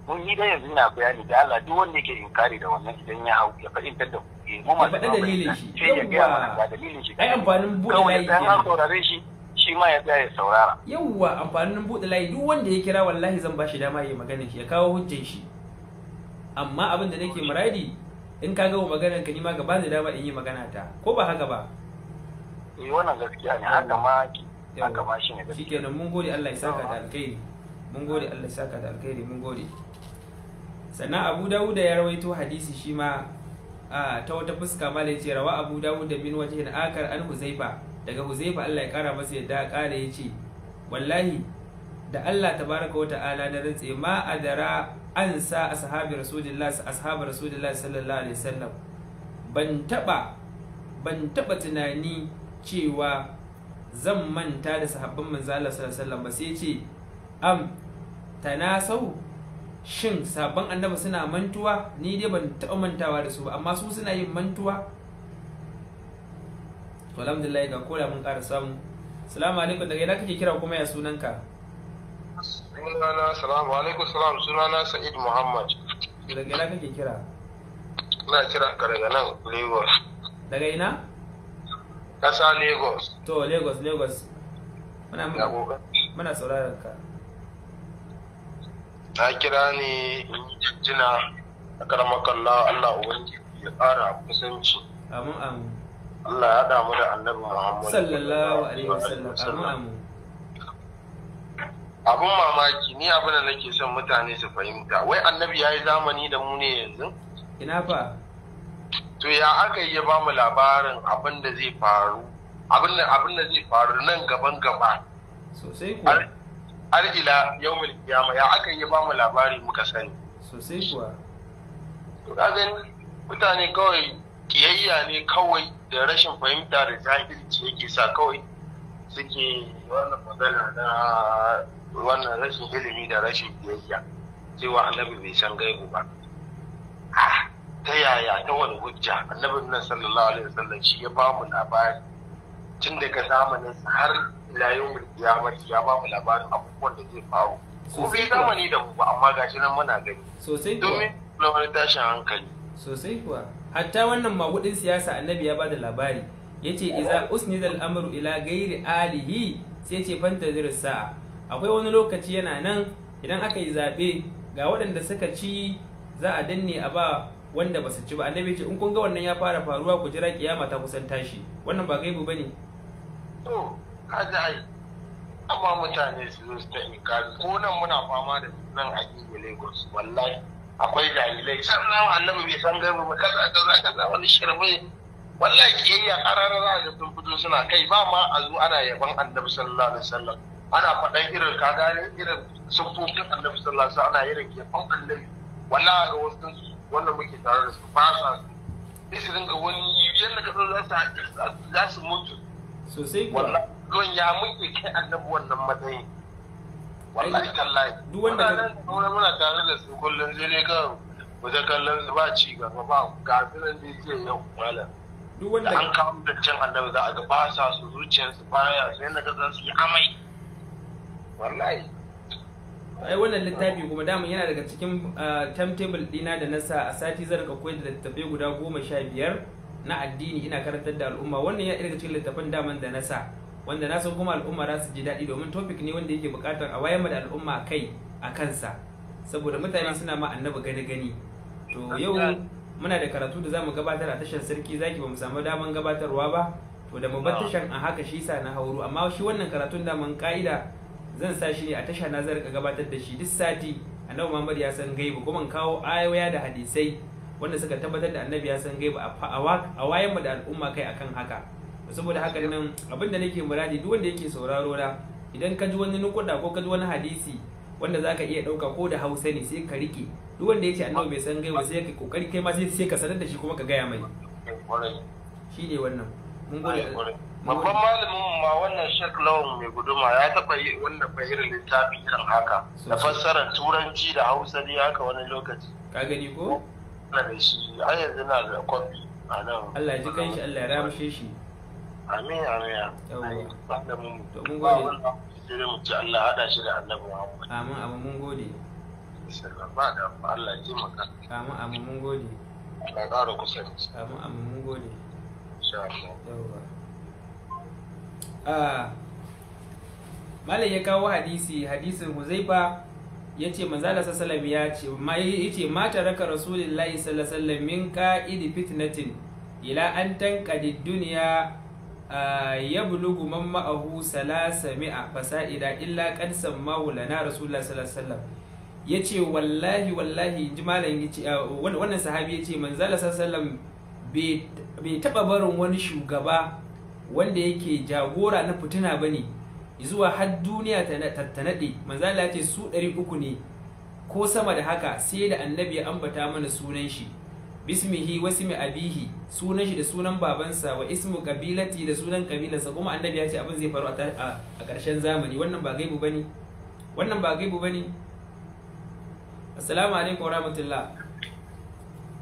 mun yi dai yanzu na bayani da Allah duk wanda yake inkari da wannan idan ya hau ya fadin da mu eh, mu ma da dalilin shi sai ya ga dalilin shi ai amfanin buɗe yayi kawai dan saurare shi shi ma ya tsaya saurara yawwa amfanin buɗe layi duk wanda ya kira wallahi zan bashi dama ya magana shi ya kawo hujjan shi amma abin da nake muradi in ka gama maganar ka nima gaba da dama in yi magana ta ko ba haka ba eh wannan gaskiya ne haka ma haka ma shi ne gaskiya shikenan mun gode Allah ya saka da alkhairi mun gode Allah ya saka da alkhairi mun gode sannan Abu da'uda ya rawaito hadisi shi ma ah, ta wata fuska ma da ya ce rawa Abu Dawud min wajhin akar an Huzaifa daga huzaifa Allah ya kara masa yadda kara ya ce wallahi da Allah tabaraka wa ta'ala na rantse ma adara an sa ashabi rasulillah ashabi rasulillah sallallahu alaihi wasallam ban taba ban taba tunani cewa zan manta da sahabban manzo Allah sallallahu alaihi wasallam ba sai ce am tanasau shin sabon annaba suna mantuwa ni dai ban taɓa mantawa da su ba amma su suna yin mantuwa to alhamdulillah ga koda mun ƙara samu salamu alaikum daga ina kake kira kuma ya sunanka sunana salamu alaikum salam sunana sa'id muhammad daga ina kake kira ina kira ka daga nan lagos daga ina ƙasa lagos to lagos lagos muna muna sauraron ka na kira ne in yi jinjina a karamakon Allah Ubangiji ya ƙara kusanci amin amin Allah ya damu da annabi Muhammadu. sallallahu alaihi wasallam abun mamaki ni abin da nake son mutane su fahimta wai annabi ya yi zamani da mu ne yanzu ina fa to ya aka yi ya ba mu labarin abin da zai faru abin da zai faru nan gaban gaba sosai kuwa har ila yau kiyama ya aka yi ba mu labari muka sani sosai kuwa to ga mutane kawai kiyayya ne kawai da rashin fahimta da jahilci yake sa kawai suke wannan magana na wannan rashin ilimi da rashin kiyayya cewa annabi bai san gaibu ba ah, ta yaya ta wani hujja annabi nan sallallahu alaihi wasallam shi ya bamu labari tun daga zamanin har ila yau mu ya bamu labarin abubuwan da zai faru ko bai zamani da mu ba amma gashi nan muna gani domin na wani tashin hankali sosai kuwa hatta wannan magudin siyasa annabi ya bada labari yace iza usnida amru ila gairi alihi sai ce fantazir sa'a akwai wani lokaci yana nan idan aka yi zabe ga waɗanda suka ci za a danne a ba wanda ba su ci ba annabi ce in kun ga wannan ya fara faruwa ku jira kiyama ta kusan tashi wannan ba gaibu bane to kaga ai amma mutane su zo su ta inkari ko nan muna fama da nan a Lagos wallahi akwai jahilai sannan annabi bai san gaba ba kaza kaza kaza wani shirme wallahi kiyayya karara za a ga sun fito suna kai ba ma a zo ana yaban annabi sallallahu alaihi wasallam ana faɗan irin ka gane irin sufofin annabi sallallahu alaihi wasallam ana irin yaban annabi wallahi ga wasu wanda muke tare da su ba sa su sai su dinga wani yadda ka san za su mutu sosai kuwa wallahi ya muke kai annabi wannan matsayin wallahi tallahi duk wanda muna muna tare da su kullum sai ne kan wajen kallon su ba ci gaba ba ga su nan dai yau malam duk wanda an kawo da cin annabi za a ga ba sa su zuciyarsu baya su yanda ka san su yi amai wallahi ai wannan littafi kuma daman yana daga cikin ah, timetable dina da na sa a sati zan rika koyar da littattafai guda goma sha biyar na addini ina karantar da al'umma wannan ya daga cikin littafin daman da na sa wanda na kuma al'umma za su ji daɗi domin topic ne wanda yake buƙatar a wayar da al'umma kai a kansa saboda mutane suna ma annabi gani gani to yau muna da karatu da zamu gabatar a tashar sarki zaki ba mu samu daman gabatarwa ba to da mu bar ah. tashar a haka shi sa na hauru, amma shi wannan karatun da mun ka'ida zan sa shi ne a tasha na zarka gabatar da shi duk sati annabi Muhammad ya san gaibu kuma kawo ayoya da hadisai wanda suka tabbatar da annabi ya san gaibu a wayar da al'umma kai akan haka saboda haka nan abin da nake muradi duk wanda yake sauraro na idan ka ji wani nukuda ko ka ji wani hadisi wanda zaka iya dauka ko da Hausa ne sai ka rike duk wanda yace annabi bai san gaiwa sai ka kokari kai ma sai ka sanar da shi kuma ka gaya mai shine wannan mun gode babban malamin ma wannan shek lawan mai guduma ya taɓa yi wannan fahimtar littafi irin haka da fassarar turanci da hausa dai haka wani lokaci ka gani ko da shi har yanzu na da kwafi a nan Allah ya ji kanshi Allah ya ramshe shi amin amin amin da mun to mun gode sai mu ci Allah hada shi da annabi Muhammad amin amin mun gode ba da Allah ya ji maka amin amin mun gode ka ƙara kusanci amin amin mun gode insha ah Malam ya kawo hadisi hadisin Huzaifa ya ce manzala sallam ya ce ya ce mata raka rasulillahi sallallahu alaihi wasallam min ka'idi fitnatin ila an tankadi duniya ya bulugu man ma'ahu salasa mi'a fasa'ida illa kan sammahu na rasulullah sallallahu alaihi wasallam wallahi wallahi ji malam yace wannan sahabi yace manzala sallallahu alaihi wasallam bai taba barin wani shugaba wanda yake jagora na fituna bane zuwa har duniya ta nade manzala yace su 300 ne ko sama da haka sai da annabi ya ambata mana sunan shi bismihi wa ismi abihi sunan shi da sunan babansa wa ismu kabilati da sunan kabilansa kuma annabi ya ce abin zai faru a ƙarshen zamani wannan ba gaibu bane wannan ba gaibu bane assalamu alaikum wa rahmatullah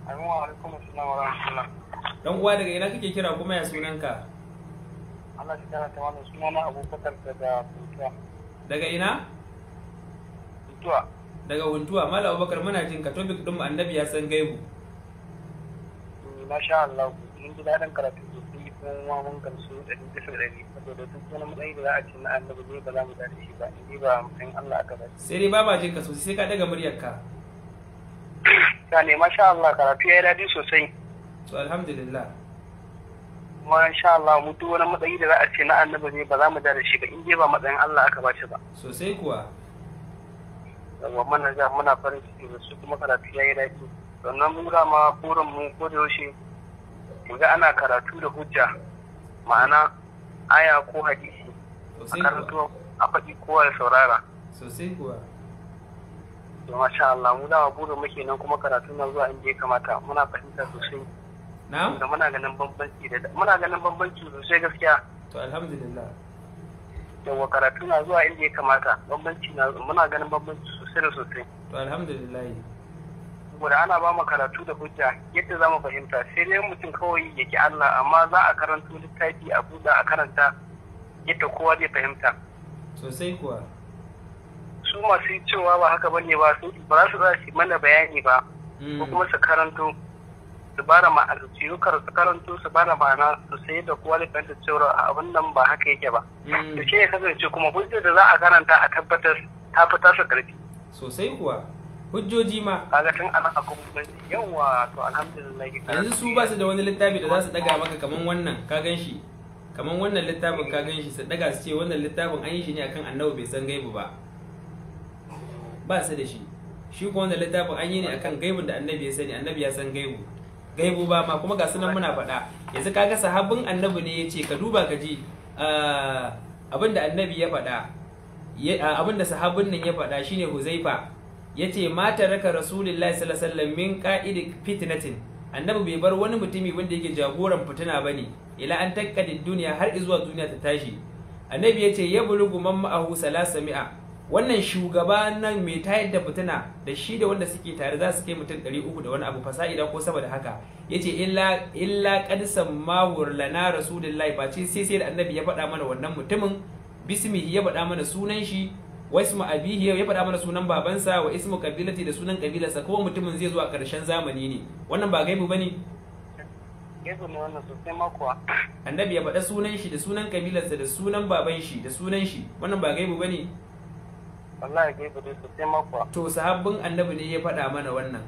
wa alaikum assalam wa rahmatullah dan uwa daga ina kake kira kuma ya sunan ka? Allah shi kana tawa sunana Abubakar daga Huntuwa daga ina Kuntuwa. daga Huntuwa Malam Abubakar muna jin ka topic din annabi ya san gaibu masha Allah mun ji daɗin karatu sosai kuma mun gamsu ɗari bisa ɗari saboda duk wani matsayi da za a ce na annabi ne ba za mu dace shi ba in ba mutum Allah aka bari. Sai dai ba ma jin ka sosai sai ka daga muryar ka. Ya ne masha Allah karatu ya yi daɗi sosai. To alhamdulillah. Kuma insha Allah mu duk wani matsayi da za a ce na annabi ne ba za mu dace shi ba in ba matsayin Allah aka bace ba. Sosai kuwa. Yawwa mana muna farin ciki da su kuma karatu ya yi daɗi. sannan mu ma koran mu ko da yaushe mu ga ana karatu da hujja ma'ana aya ko hadisi a karatu a faɗi kowa ya saurara sosai kuwa to masha Allah mu dama burin muke nan kuma karatu na zuwa inda ya kamata muna fahimta sosai na'am da muna ganin bambanci da muna ganin bambanci sosai gaskiya to alhamdulillah yawa karatu na zuwa inda ya kamata bambanci na muna ganin bambanci sosai da sosai to alhamdulillah saboda ana ba mu karatu da hujja yadda za mu fahimta sai dai mutum kawai yake Allah amma za a karanto littafi a buɗe a karanta yadda kowa zai fahimta sosai kuwa su masu cewa ba haka bane ba su ba za su za su mana bayani ba mm. ko kuma su karanto su bara ma'ana su yi su karanto su bara ma'ana su sai da kowa da fahimta cewa abin nan ba haka yake ba da mm. ke ya kasance kuma hujjar da za a karanta a tabbatar ta fita su ƙarfi sosai kuwa hujjoji ma kaga tun anan akwai yawa to alhamdulillah yanzu su ba su da wani littafi da za su daga maka kaman wannan ka gan shi kaman wannan littafin ka gan shi su daga su ce wannan littafin an yi shi ne akan annabi bai san gaibu ba ba su da shi shi kuma wannan littafin an yi ne akan gaibun da annabi ya sani annabi ya san gaibu gaibu ba ma kuma ga sunan muna faɗa yanzu kaga sahabbin annabi ne ya ce ka duba ka ji ah, abin da annabi ya faɗa ah, abin da sahabbin nan ya faɗa shine huzaifa yace ma taraka rasulullahi sallallahu alaihi wasallam min qa'idi fitnatin annabi bai bar wani mutumi wanda yake jagoran fitina bane ila an takkadin duniya har zuwa duniya ta tashi annabi yace ya bulugu man ma'ahu salasami'a wannan shugaba nan mai tayar da fitina da shi da wanda suke tare za su kai mutum ɗari uku da wani abu fasa'ida ko sama da haka yace illa illa qad sammahu lana rasulullahi ba ce sai sai da annabi ya faɗa mana wannan mutumin bismihi ya faɗa mana sunan shi wa ismu abihi ya faɗa mana sunan babansa wa ismu kabilati da sunan kabilarsa ko mutumin zai zo a ƙarshen zamani ne wannan ba gaibu bane gaibu ne wannan sosai makwa. annabi ya faɗa sunan shi da sunan kabilarsa da sunan baban shi da sunan shi wannan ba gaibu bane wallahi gaibu ne sosai makwa. to sahabbin annabi ne ya faɗa mana wannan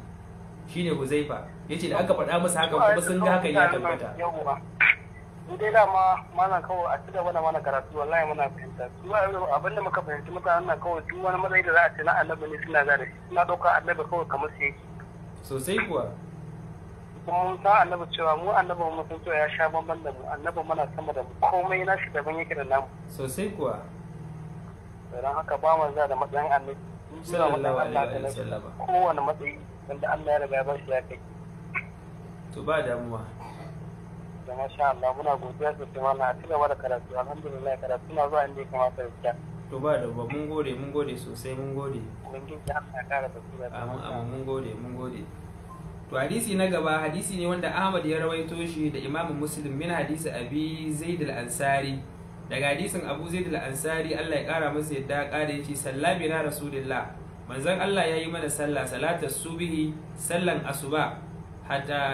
shine Huzaifa yace da aka faɗa masa haka kuma sun ga haka ne ya tabbata in dai dama mana kawai a cigaba da mana karatu wallahi muna fahimta su abin da muka fahimci mutanen nan kawai duk wani matsayi da za a ce na annabi ne suna zare suna ɗauka annabi kawai kamar su yake sosai kuwa kuma mun san annabi cewa mu annabi mun san cewa ya sha bamban da mu annabi muna sama da mu komai na shi daban yake da namu sosai kuwa don haka ba manza da matsayin annabi sallallahu alaihi wa sallam kowane matsayi wanda Allah ya riga ya bar shi ya kai to ba damuwa da masha Allah muna godiya sosai mallam a ci gaba da karatu alhamdulillah karatu na zuwa inda ya kamata gaskiya to ba da mun gode mun gode sosai mun gode amin amin mun gode mun gode to hadisi na gaba hadisi ne wanda Ahmad ya rawaito shi da Imam Muslim min hadisi Abi Zaid al-Ansari daga hadisin Abu Zaid al-Ansari Allah ya kara masa yadda kare yace sallabi na rasulullah manzon Allah ya yi mana sallah salatar subihi sallan asuba hatta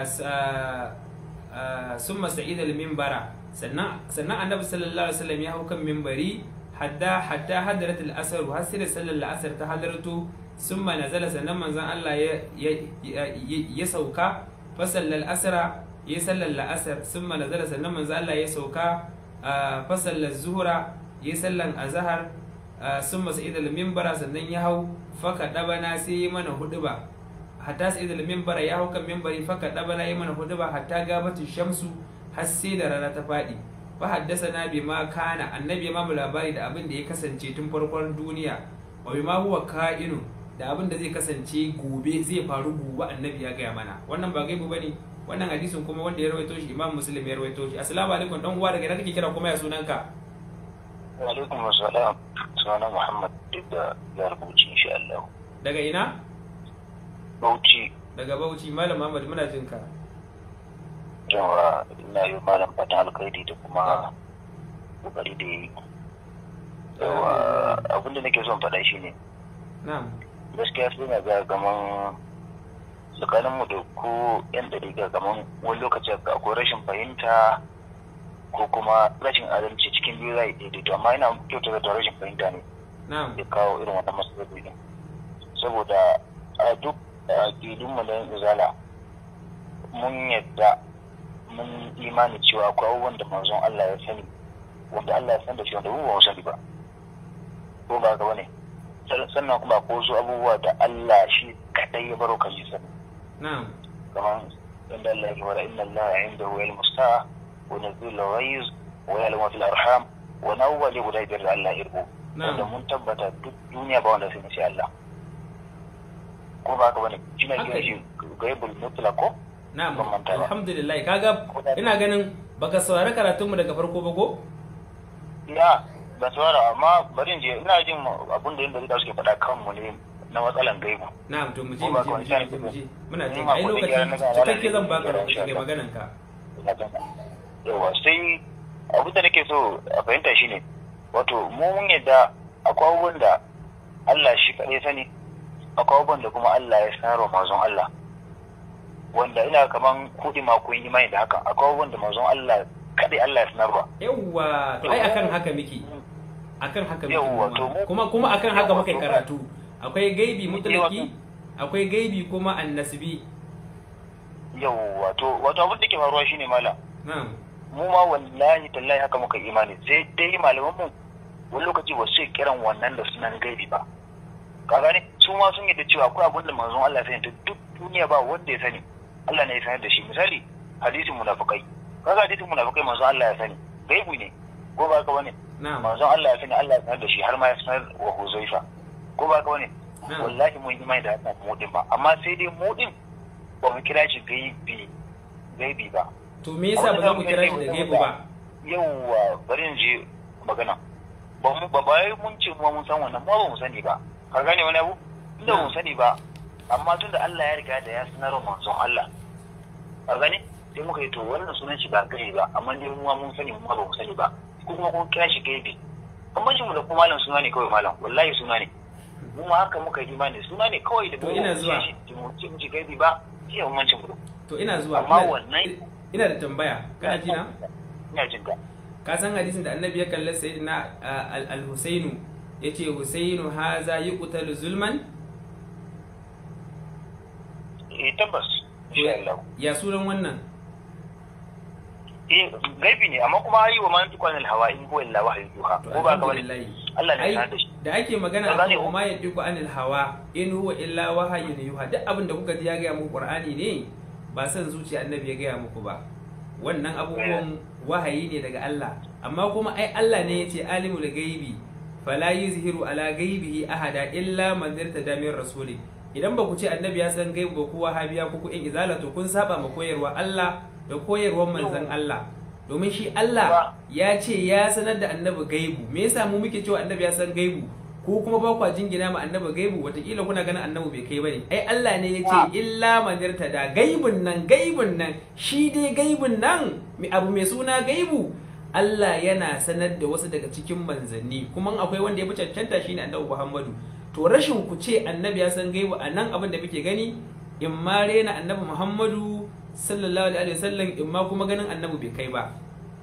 summa sa'ida al-minbara sannan sannan annabi sallallahu alaihi wasallam ya hau kan minbari hadda, hatta hadarat al-asr har sai da sallar al-asr ta halarto summa nazala sannan manzon Allah ya sauka fa sallal asra ya sallar al-asr summa nazala sannan manzon Allah ya sauka fa sallar zuhra ya sallar azhar summa sa'ida al-minbara sannan ya hau fa kadabana sai mana ba. hatta sai da mimbara ya hukan mimbari faka dabala yi mana hudu ba hatta gabatin shamsu har sai da rana ta fadi fa haddasa na bi ma kana annabi ya mu labari da abin da ya kasance tun farkon duniya wa bi ma huwa ka'inu da abin da zai kasance gobe zai faru gobe annabi ya gaya mana wannan ba gaibu bane wannan hadisin kuma wanda ya rawaito shi imam muslim ya rawaito shi assalamu alaikum dan uwa daga ina kake kira kuma ya sunanka wa alaikum assalam sunana muhammad da ya rubuci insha Allah daga ina Bauchi. Daga Bauchi, Malam Muhammadu, muna jin ka. Yawa, ina yi Malam fata alkhairi da kuma ah. kokari da yi. Ah. Yawa, abinda nake son faɗa shi ne. Na'am. Gaskiya sai na ga gaman tsakanin mu da ko yan ga gaman wani lokacin akwai rashin fahimta ko kuma rashin adalci cikin biyu za a yi daidaito amma ina kyauta da rashin fahimta ne. Na'am. Ya kawo irin wannan matsaloli. Saboda a duk da aƙidunmu da izala mun yadda mun imani cewa akwai abubuwan da manzon Allah ya sani wanda Allah ya san da shi wanda mu ba sani ba ko ba ga bane sannan kuma ko su abubuwa da Allah shi kadai ya baro kan sani na'am kamar inda Allah ya kawara inna Allah indahu ilmu sa'a wa nazilul ghaiz wa ya'lamu fil arham wa nawwali guda biyar da Allah ya rubu wanda mun tabbata duk duniya ba wanda sai Allah ko ba ka bane shine gina shi gaibul mutlaq ko na'am alhamdulillah kaga ina ganin baka saurari karatun mu daga farko ba ko na ba saurara amma bari je ina jin abun da yanda suke faɗa kanmu ne na matsalan gaibu na'am to mu je mu je mu je muna jin ai lokaci cikakke zan baka daga maganan ka yawa sai abin da nake so a fahimta shine wato mu mun yadda akwai abubuwan da Allah shi kaɗai sani akwai abin da kuma Allah ya sanarwa mazon Allah wanda ina kaman kuɗi ma kun mai da haka akwai abin da mazon Allah kaɗi Allah ya sanarwa yawwa to ai akan haka miki akan haka miki kuma kuma akan haka muka karatu akwai gaibi mutlaki akwai gaibi kuma annasbi yawwa to wato abin da ke faruwa shine malam mu ma wallahi tallahi haka muka imani sai dai malaman mu wani lokaci ba su kiran wannan da sunan gaibi ba ka gane su ma sun yadda cewa akwai abin da manzon Allah sai duk duniya ba wanda ya sani Allah ne ya sanar da shi misali hadisin munafikai kaga hadisin munafikai manzon Allah ya sani gaibu ne ko ba ka bane manzon Allah ya sani Allah ya sanar da shi har ma ya sanar wa Huzaifa ko ba ka bane wallahi mun mai da haka mu din ba amma sai dai mu din ba mu kira shi gaibi gaibi ba to me yasa ba za mu kira shi da gaibi ba yauwa bari in je magana ba mu ba mun ce mu mun san wannan ba mu sani ba ka gane wani abu inda ba sani ba amma da Allah ya riga da ya sanar manzon Allah ka gane sai muka yi to wannan sunan shi ba gari ba amma dai mu mun sani mu ba mu sani ba ko kuma kun kira shi gaibi amma shi mu da kuma malam suna ne kawai malam wallahi suna ne mu ma haka muka yi imani suna ne kawai da ina zuwa shi mu ji gaibi ba shi ya mun mu to ina zuwa amma wannan ina da tambaya kana jina ina jinka ka san hadisin da annabi ya kalli sayyidina al-husainu yace husainu haza yi kutal zulman eh tabbas ya sunan wannan eh, gaibi ne amma kuma yi wa man tukwan alhawa in ko illa wahyu duha ko ba ka bane Allah ne ya da ake magana a kan ma ya diku anil hawa in huwa illa ne yuha duk abin da kuka ji ya gaya muku qur'ani ne ba san zuciya annabi ya gaya muku ba wannan abubuwan eh. wahayi ne daga Allah amma kuma ai Allah ne ya ce alimul gaibi fala zihiru, ala ghaibihi ahada illa man irtada damiyar rasuli idan ba ku ce annabi ya san gaibu ba ku wahabiya ku in izala to kun saba ma koyarwa Allah da koyarwar manzon Allah domin shi Allah ya ce ya sanar da annabi gaibu me yasa mu muke cewa annabi ya san gaibu ko kuma ba kwa jingina ma annabi gaibu watakila kuna ganin annabi bai kai bane ai Allah ne ya ce illa man da gaibun nan gaibun nan shi dai gaibun nan abu mai suna gaibu Allah yana sanar da wasu daga cikin manzanni kuma akwai wanda ya fi cancanta ne annabi Muhammadu to rashin ku ce annabi ya san gaibu a nan abin da muke gani in ma rena annabi Muhammadu sallallahu alaihi wasallam in ma kuma ganin annabi bai kai ba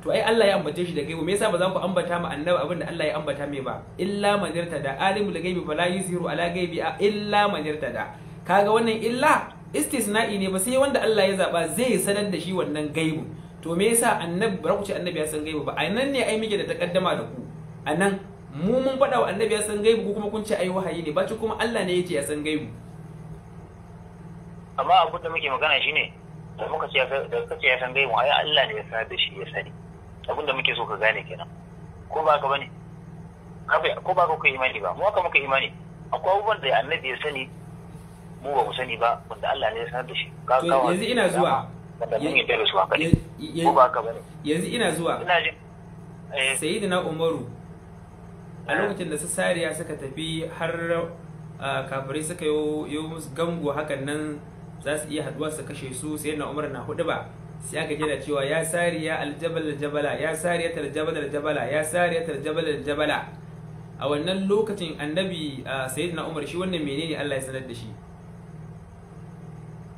to ai Allah ya ambace shi da gaibu me yasa ba za ku ambata ma annabi abin da Allah ya ambata mai ba illa man da alimul gaibi fala yusiru ala gaibi illa man da kaga wannan illa istisna'i ne ba sai wanda Allah ya zaba zai sanar da shi wannan gaibu to me yasa annabi ba ku ce annabi ya san gaibu ba a nan ne ai muke da takaddama da ku a nan mu mun faɗa wa annabi ya san gaibu ko kuma kun ce ai wahayi ne ba ci kuma Allah ne yake ya san gaibu amma abu da muke magana shine da muka ce da kace ya san gaibu ai Allah ne ya sa da shi ya sani abin da muke so ka gane kenan ko ba ka bane ko ba ka kai imani ba mu aka muka imani akwai abubuwan da annabi ya sani mu ba mu sani ba wanda Allah ne ya sanar da shi yanzu ina zuwa yanzu ina zuwa sai ji eh. umaru a eh. lokacin da su sariya suka tafi har ah, kafirai suka yi musu gango hakan nan za su iya haduwa su kashe su sai na umaru na hudu ba sai aka gina cewa ya sariya aljabal aljabala ya sariya taljabal aljabala ya sariya taljabal aljabala a wannan lokacin annabi ah, sayyidina umar shi wannan menene Allah ya sanar da shi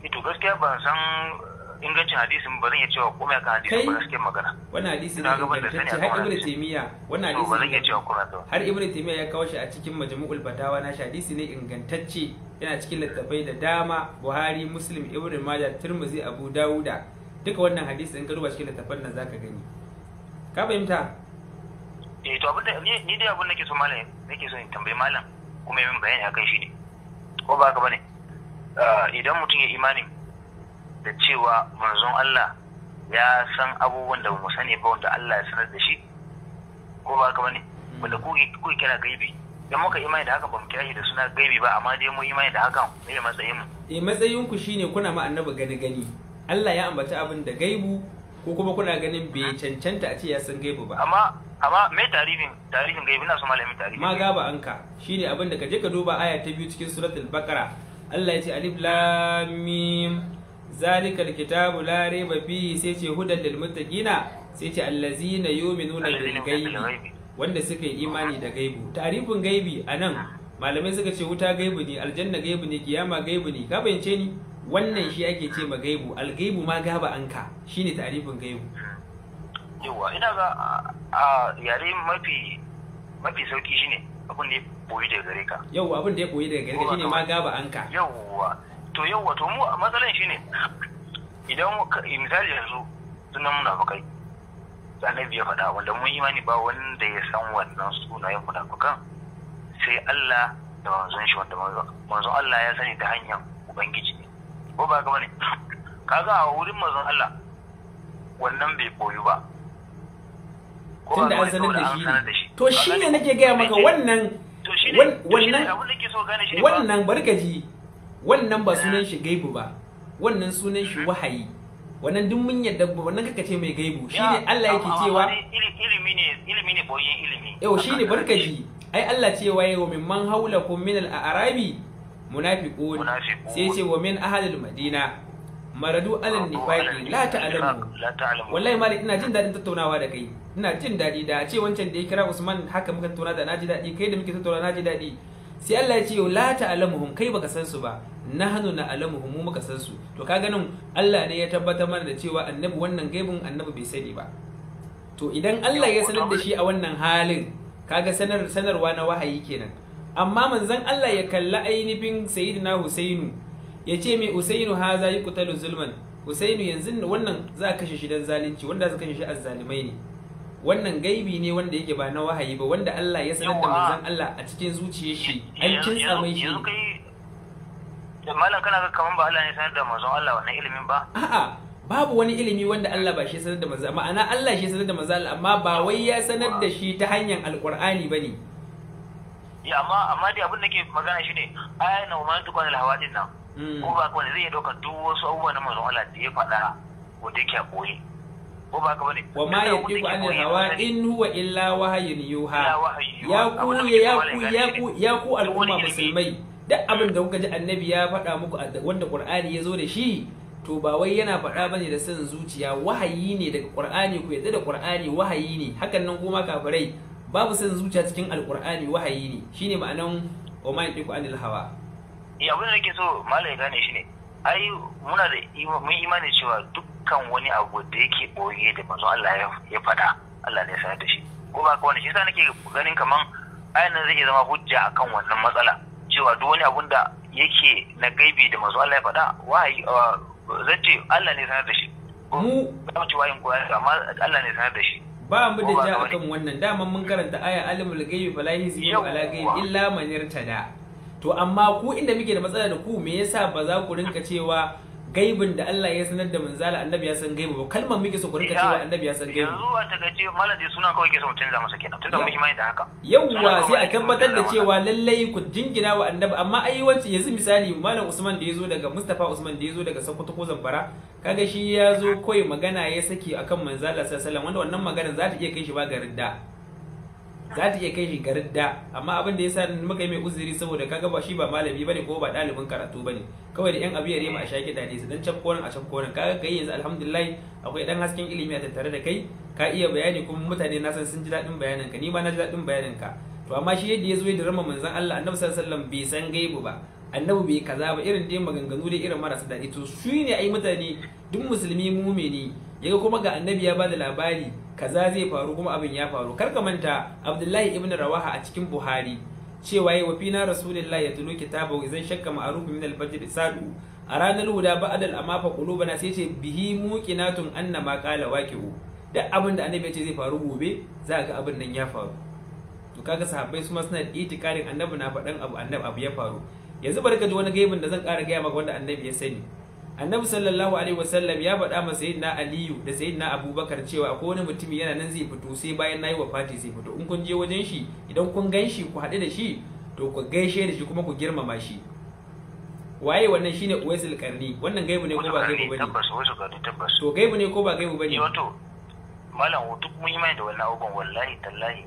to gaskiya ba san ingancin hadisin ba zan iya cewa komai kan hadisin ba gaskiyar magana wannan hadisi ne ingantacce har ibnu taymiya wannan hadisi ba zan iya cewa komai akan har ibnu taymiya ya kawo shi a cikin majmu'ul fatawa na shi hadisi ne ingantacce yana cikin littattafai da dama buhari muslim ibnu majah tirmidhi abu dauda duka wannan hadisi in ka duba cikin littattafan nan zaka gani ka fahimta eh to abin da ni dai abin da ke so malam nake so in tambayi malam kuma yin bayani akan shi ne ko ba ka bane ah, idan mutum ya imanin da cewa manzon Allah ya san abubuwan da mu sani ba wanda Allah ya sanar da shi ko ba ka bane hmm. wanda ku kira gaibi dan muka imani da haka ba mu kira shi da suna gaibi ba amma dai mu imani da hakan ne matsayin mu eh matsayin ku shine kuna ma annabi gani gani Allah ya ambata abin da gaibu ko kuma kuna ganin bai cancanta a ce ya san gaibu ba amma amma me tarihin tarihin gaibi na so malamin tarihi ma gaba anka shine abin da ka je ka duba aya ta biyu cikin suratul baqara Allah ya ce alif lam mim zalikal kitabu la raiba fihi sai ce hudan lil muttaqina sai ce allazina yu'minuna bil ghaibi wanda suka yi imani da gaibu tarifin gaibi anan malamai suka ce wuta gaibu ne aljanna gaibu ne kiyama gaibu ne ka bayyance ni wannan shi ake ce ma gaibu algaibu ma gaba anka shine tarifin gaibu yawa ina ga a yare mafi mafi sauki shine abin da ya koyi daga gare ka yawa abin da ya koyi daga gare ka shine ma gaba anka yawa to yau wato mu a matsalan shine idan misali yanzu sunan munafukai da annabi ya faɗa wanda mun imani ba wanda ya san wannan sunayen munafukan sai Allah da manzon shi wanda manzon Allah ya sani ta hanyar ubangiji ne ko ba ka bane kaga a wurin manzon Allah wannan bai koyu ba tun da an sanar da shi to shi ne nake gaya maka wannan wannan wannan bari ka ji wannan ba sunan shi gaibu ba wannan sunan shi wahayi wannan duk mun yadda wannan kaka ce mai gaibu shine Allah yake cewa ilimi ne ilimi ne boyen ilimi yau shine barkaji ai Allah ce waye wa min man kum min al-arabi munafiqun sai ce wa min al madina maradu al nifaqi la ta'lamu wallahi malik ina jin dadin tattaunawa da kai ina jin dadi da a ce wancan da ya kira Usman haka muka tattauna da naji dadi kai da muke tattauna naji dadi sai Allah ya ce la ta'lamuhum kai baka san su ba nahnu na'lamuhum mu baka san su to kaga nan Allah ne ya tabbatar mana da cewa annabi wannan gaibin annabi bai sani ba to idan Allah ya sanar da shi a wannan halin kaga sanar sanarwa na wahayi kenan amma manzon Allah ya kalla ainihin sayyidina Husainu ya ce mai Husainu yi kutalu zulman Husainu yanzu wannan za a kashe shi dan zalunci wanda za kashe shi zalimai ne wannan gaibi ne wanda yake ba na wahayi ba wanda Allah ya sanar da manzon Allah a cikin zuciyar shi an kinsa mai shi malam kana ga kaman ba Allah ne sanar da manzon Allah wannan ilimin ba a'a babu wani ilimi wanda Allah ba shi sanar da manzon ma'ana Allah shi sanar da manzon Allah amma ba wai ya sanar da shi ta hanyar alqur'ani bane ya amma amma dai abin da ke magana shine ayyana wa man tukwana alhawadin nan hmm. ko ba ko zai dauka duk wasu abubuwa na manzon Allah da ya faɗa wanda yake a koyi ko ba ka bane wa ma yatiku hawa in huwa illa wahayin yuha ya ku ya ku ya ku ya ku al'umma musulmai duk abin da mm. kuka ji annabi ya faɗa muku wanda qur'ani ya zo da shi to ba wai yana faɗa bane da san zuciya wahayi ne daga qur'ani ku yadda da qur'ani wahayi ne hakan nan kuma kafirai babu san zuciya cikin alqur'ani wahayi ne shine ma'anan wa ma yatiku anil hawa ya eh, abin da nake so malai gane shi ne ai muna da mun imani cewa duk Kan wani abu da yake boye da manzo Allah ya faɗa Allah ne ya sanar da shi ko ba wani shi yasa nake ganin kaman nan zai zama hujja akan wannan matsala cewa duk wani abun da yake na gaibi da manzo Allah ya faɗa wahayi uh, ce Allah ne ya sanar da shi mu ba ci wayin ko amma Allah ne ya sanar da shi ba mu da ja akan wannan daman mun karanta aya alimul gaibi fala yuzhiru ala gaibi illa man irtada to amma ku inda muke da matsala da ku me yasa ba za ku rinka cewa gaibin da Allah ya sanar da manzala annabi ya san gaibu ba kalmar muke so ku rinka cewa annabi ya san gaibu yanzu a takaice malaji suna kawai ke so mutun masa kenan tunda muke mai da haka yawwa sai a tabbatar da cewa lallai ku jingina wa annabi amma ai wanci yanzu misali malam Usman da yazo daga Mustafa Usman da yazo daga Sokoto ko Zamfara kaga shi ya zo koyi magana ya saki akan manzala sallallahu alaihi wasallam wanda wannan magana za ta iya kai shi ba garin da za ta iya kai shi garin da amma abin da yasa muka yi mai uzuri saboda kaga ba shi ba malami bane ko ba ɗalibin karatu bane kawai da yan abu yare a shaki da su dan cafkonan a cafkonan kaga kai yanzu alhamdulillah akwai dan hasken ilimi a tattare da kai ka iya bayani kuma mutane na san sun ji daɗin bayanin ka ni ma na ji daɗin bayanin ka to amma shi yadda ya zo ya rama manzon Allah annabi sallallahu alaihi wasallam bai san gaibu ba annabi bai kaza ba irin dai maganganu da irin marasa daɗi to shi ne ai mutane duk musulmi mumini yaga kuma ga annabi ya bada labari kaza zai faru kuma abin ya faru kar ka manta abdullahi ibn rawaha a cikin buhari cewa ya na rasulullahi ya tulu kitabu zan shakka ma'ruf min al-fajr sadu a ranar huda badal al-amma fa qulubana sai ce bihi muqinatun anna ma qala waqi'u duk abin da annabi ya ce zai faru gobe za ga abin nan ya faru to kaga sahabbai su ma suna itikarin annabi na faɗan abu annabi abu ya faru yanzu barka ji wani gaibin da zan ƙara gaya maka wanda annabi ya sani annabi sallallahu alaihi wasallam ya faɗa ma sayyidina aliyu da sayyidina abubakar cewa akwai wani mutumi yana nan zai fito sai bayan nayi wafati zai fito in kun je wajen shi idan kun gan shi ku haɗu da shi to ku gaishe da shi kuma ku girmama shi waye wannan shine uwaisul karni wannan gaibu ne ko ba gaibu bane to gaibu ne ko ba gaibu bane eh, wato malam duk mun yi mai da wannan abubuwan wallahi tallahi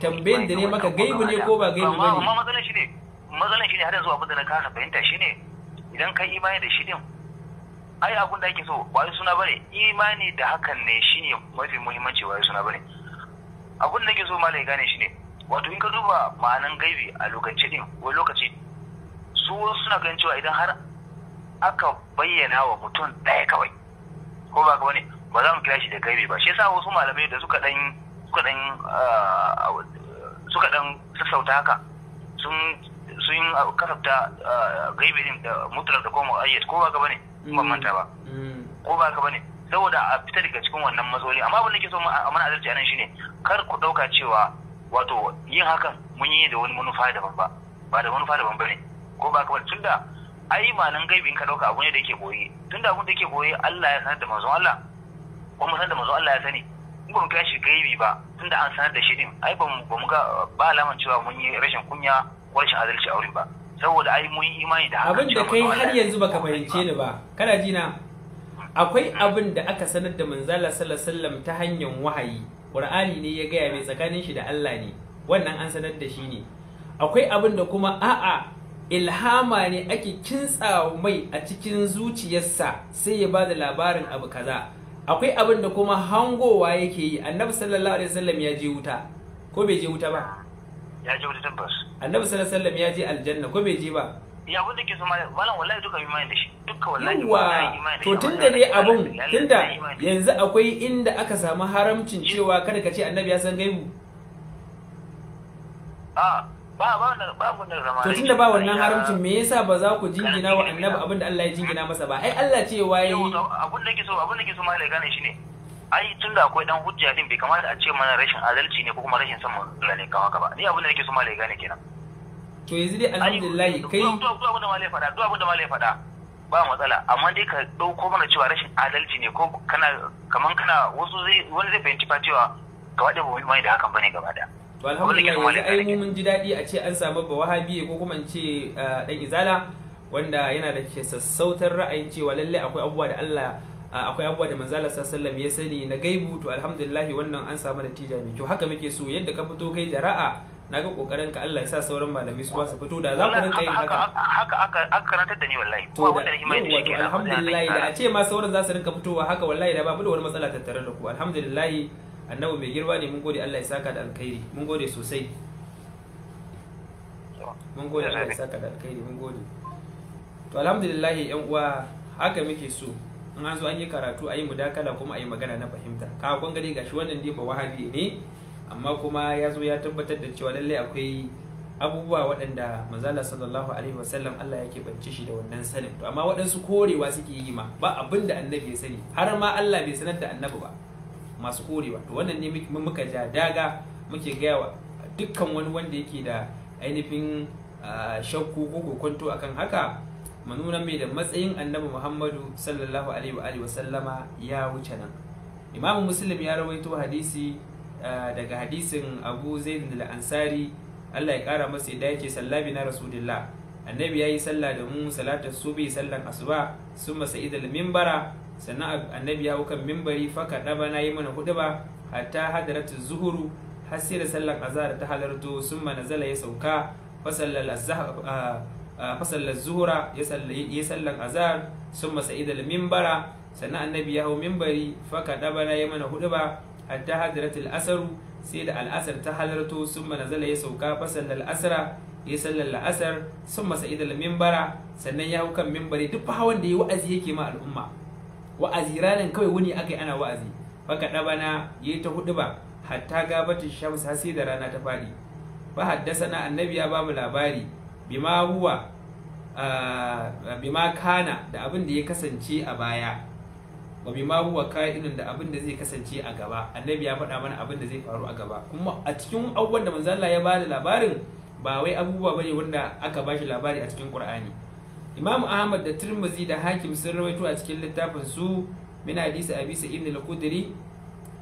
tambayin da ne maka gaibu ne ko ba gaibu bane amma matsalar shi ne matsalar shi ne har yanzu abin da na kasa fahimta shine idan kai imani da shi din ai abin da ake so ba suna bane imani da hakan ne shine mafi muhimmanci ba suna bane abin da ake so lai gane shine wato in ka duba ma'anan gaibi a lokacin? din ko lokaci su suna ganin cewa idan har aka bayyana wa mutum ɗaya kawai ko ba ka wani ba za mu kira shi da gaibi ba shi yasa wasu malamai da suka dan suka dan ah, suka dan sassauta haka sun sun kasafta ah, gaibi din da mutlaq da kuma ayyat ko ba ka bane ban manta ba mm. ko ba ka bane saboda a fita daga cikin wannan matsaloli amma abin da ke so a mana azalci anan shine kar ku dauka cewa wato yin hakan mun yi da wani manufa daban ba ba da manufa daban bane ko ba ka bane tunda ai malan gaibin ka dauka abu ne da yake boye tunda abun da yake boye Allah ya sanar da manzon Allah ko mun sanar da manzon Allah ya sani ba mu gashi gaibi ba tunda an sanar da shi din ai ba mu ga ba alaman cewa mun yi rashin kunya ko rashin adalci a wurin ba saboda ai mun yi imani da abin da kai har yanzu baka fahimce ni ba kana jina. akwai abin da aka sanar da manzala sallallahu alaihi ta hanyar wahayi qur'ani ne ya gaya mai tsakanin shi da Allah ne wannan an sanar da shi ne akwai abin da kuma a'a ilhama ne ake kintsa mai a cikin zuciyarsa sai ya bada labarin abu kaza akwai abin da kuma hangowa yake yi annabi sallallahu alaihi wasallam ya je wuta ko bai je wuta ba ya je wani tabbas annabi sallallahu alaihi wasallam ya je aljanna ko bai je ba ya abin da ke so malam wallahi duka imani da shi duka wallahi ba yi da shi. to tunda dai abun tunda yanzu akwai inda aka samu haramcin cewa kada ka ce annabi ya san gaibu a ba ba wannan ba wannan zama to tunda ba wannan haramcin me yasa ba za ku jingina wa annabi abin da Allah ya jingina masa ba ai Allah ce waye abin da ke so abin da ke so malai gane shi ne ai tun da akwai dan hujja din bai kamata a ce mana rashin adalci ne ko kuma rashin san manzon ne kawo ba ni abin da nake so malai gane kenan to yanzu dai alhamdulillah kai to abin da malai faɗa to abin da malai faɗa ba matsala amma dai ka dauko mana cewa rashin adalci ne ko kana kaman kana wasu zai wani zai fahimci fa cewa gaba da bai mai da hakan bane gaba da to alhamdulillah ai mun ji daɗi a ce an samu ba wahabi ko kuma in ce dan eh, izala wanda yana da ke sassautar ra'ayin cewa lallai akwai abubuwa da Allah akwai abubuwa da manzala sallam ya sani na gaibu to alhamdulillah wannan an samu natija mai kyau haka muke so yadda ka fito kai jara'a na ga kokarin ka Allah ya sa sauran malami su ba su fito da za ku rinka yin haka haka aka aka karantar da ni wallahi to wanda ni mai shi kenan alhamdulillah da a ce ma sauran za su rinka fitowa haka wallahi da ba da wani matsala tattare da ku alhamdulillah annabi mai girma ne mun gode Allah ya saka da alkhairi mun gode sosai mun gode Allah ya saka da alkhairi mun gode to alhamdulillah yan uwa haka muke so in an zo an yi karatu a yi mudakala kuma a yi magana na fahimta ka kun gani gashi wannan dai ba wahabi ne amma kuma ya zo ya tabbatar da cewa lallai akwai abubuwa waɗanda manzala sallallahu alaihi wasallam Allah yake bance shi da wannan sanin to amma waɗansu korewa suke yi ma ba abin da annabi ya sani har ma Allah bai sanar da annabi ba masu korewa to wannan ne muka ja daga muke gayawa wa dukkan wani wanda yake da ainihin ah, shakku ko kokonto akan haka manuna mai da matsayin annabi muhammadu sallallahu alaihi wa sallama ya wuce nan imamu muslim ya rawaito hadisi eh, daga hadisin abu zaid al-ansari Allah ya kara masa da yake sallabi na rasulullah annabi ya yi sallah da mu salatar subi sallan asuba sun masa idal mimbara sannan annabi ya hukan mimbari faka ɗaba na yi mana hudu ba hatta hadaratu zuhuru har sai da sallan azhar ta halarto sun ma nazala ya sauka fa sallal fasallar zuhura ya sallan azar sun masa'ida mimbara sannan annabi ya hau mimbari faka bana ya mana hudu ba hatta hadratul sai da al'asar ta halarto sun zala ya sauka fasallar asara ya sallan la'asar sun masa'ida mimbara sannan ya hau kan mimbari duk hawan da ya wa'azi yake ma al'umma wa'azi ranar kawai wuni aka yi ana wa'azi faka bana ya yi ta hudu ba hatta gabatin shamsa sai da rana ta faɗi ba haddasa na annabi ya ba mu labari bima huwa bima kana da abin da ya kasance a baya wa bima huwa ka'inun da abin da zai kasance a gaba annabi ya faɗa mana abin da zai faru a gaba kuma a cikin abubuwan da manzo Allah ya da labarin ba wai abubuwa bane wanda aka ba shi labari a cikin Qur'ani Imam Ahmad da Tirmidhi da Hakim sun rawaito a cikin littafin su min hadisi Abi Sa'id al-Khudri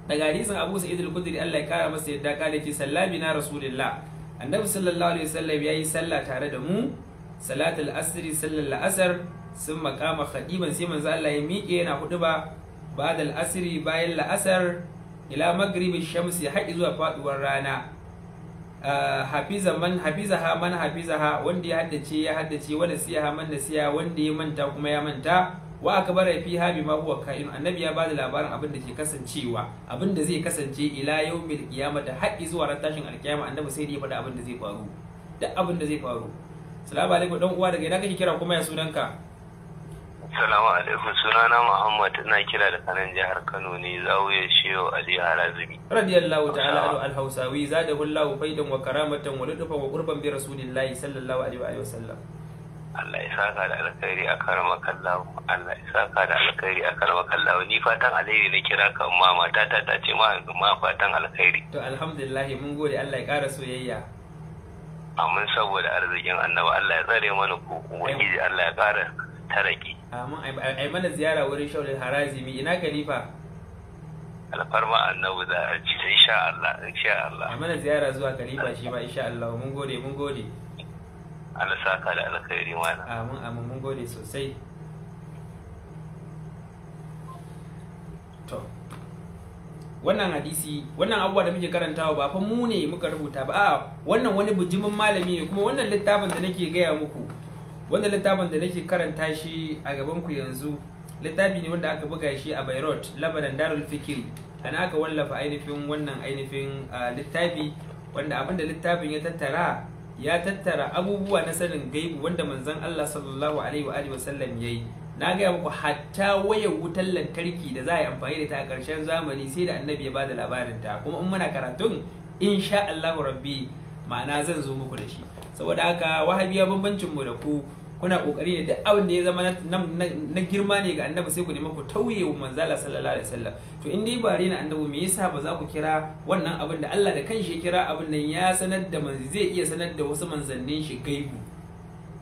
daga hadisin Abu Sa'id al-Khudri Allah ya kara masa yadda kale ki sallabi na Rasulullah annabi sallallahu alaihi wasallam yayi sallah tare da mu salatul asri sallar la'asar. sun makama ban sai manzo Allah ya miƙe yana hudu ba ba'dal asri bayan la'asar ila magribi shamsi har zuwa faduwar rana ah, hafiza man hafizaha man ha wanda ya haddace ya haddace wanda siya man da siya wanda ya manta kuma ya manta wa aka fi habi ma huwa kainu annabi ya bada labarin abin da ke kasancewa abin da zai kasance ila yaumil da haƙi zuwa ran tashin alkiyama annabi sai ya faɗa abin da zai faru da abin da zai faru salamu alaikum dan uwa daga ina kake kira kuma ya sunanka salamu alaikum sunana muhammad ina kira da kanan jihar kano ne zawiya shehu ali harazimi radiyallahu ta'ala anhu alhausawi zadahu allah faidan wa karamatan wa ludufan wa qurban bi rasulillahi sallallahu alaihi wa sallam Allah ya saka da alkhairi a karama kallawo Allah ya saka da alkhairi a karama kallawo ni fatan alheri na kira ka amma mata ta ta ce ma ma fatan alkhairi to alhamdulillah mun gode Allah ya ƙara soyayya amin saboda arzikin annabi Allah ya tsare mana ku ubangiji Allah ya ƙara taraki amin ai mana ziyara wurin shaulul harazimi ina khalifa alfarma annabi da insha Allah insha Allah ai mana ziyara zuwa khalifa shi ma insha Allah mun gode mun gode Allah saka da alkhairi mana amin amin mun gode sosai to wannan hadisi wannan abubuwa da muke karantawa ba fa mu ne muka rubuta ba a wannan wani bujimin malami ne kuma wannan littafin da nake gaya muku wannan littafin da nake karanta shi a gaban ku yanzu littafi ne wanda aka buga shi a Beirut Lebanon Darul Fikir ana aka wallafa ainihin wannan ainihin ah, littafi wanda abinda littafin ya tattara ya tattara abubuwa na sanin gaibu wanda manzon Allah sallallahu alaihi wa alihi wasallam yayi na gaya muku hatta waya wutar lantarki da za a yi amfani da ta a ƙarshen zamani sai da annabi ya ba da labarin ta kuma in muna karatun insha Allah rabbi ma'ana zan zo muku da shi saboda haka wahabiya bambancin mu da ku kuna kokari ne duk abin da ya zama na girma ne ga annabi sai ku nemi ku tauye wa Allah sallallahu alaihi wasallam to in dai bare na annabi me yasa ba za ku kira wannan abin da Allah da kanshi ya kira abin nan ya sanar da manzo zai iya sanar da wasu manzannin shi gaibu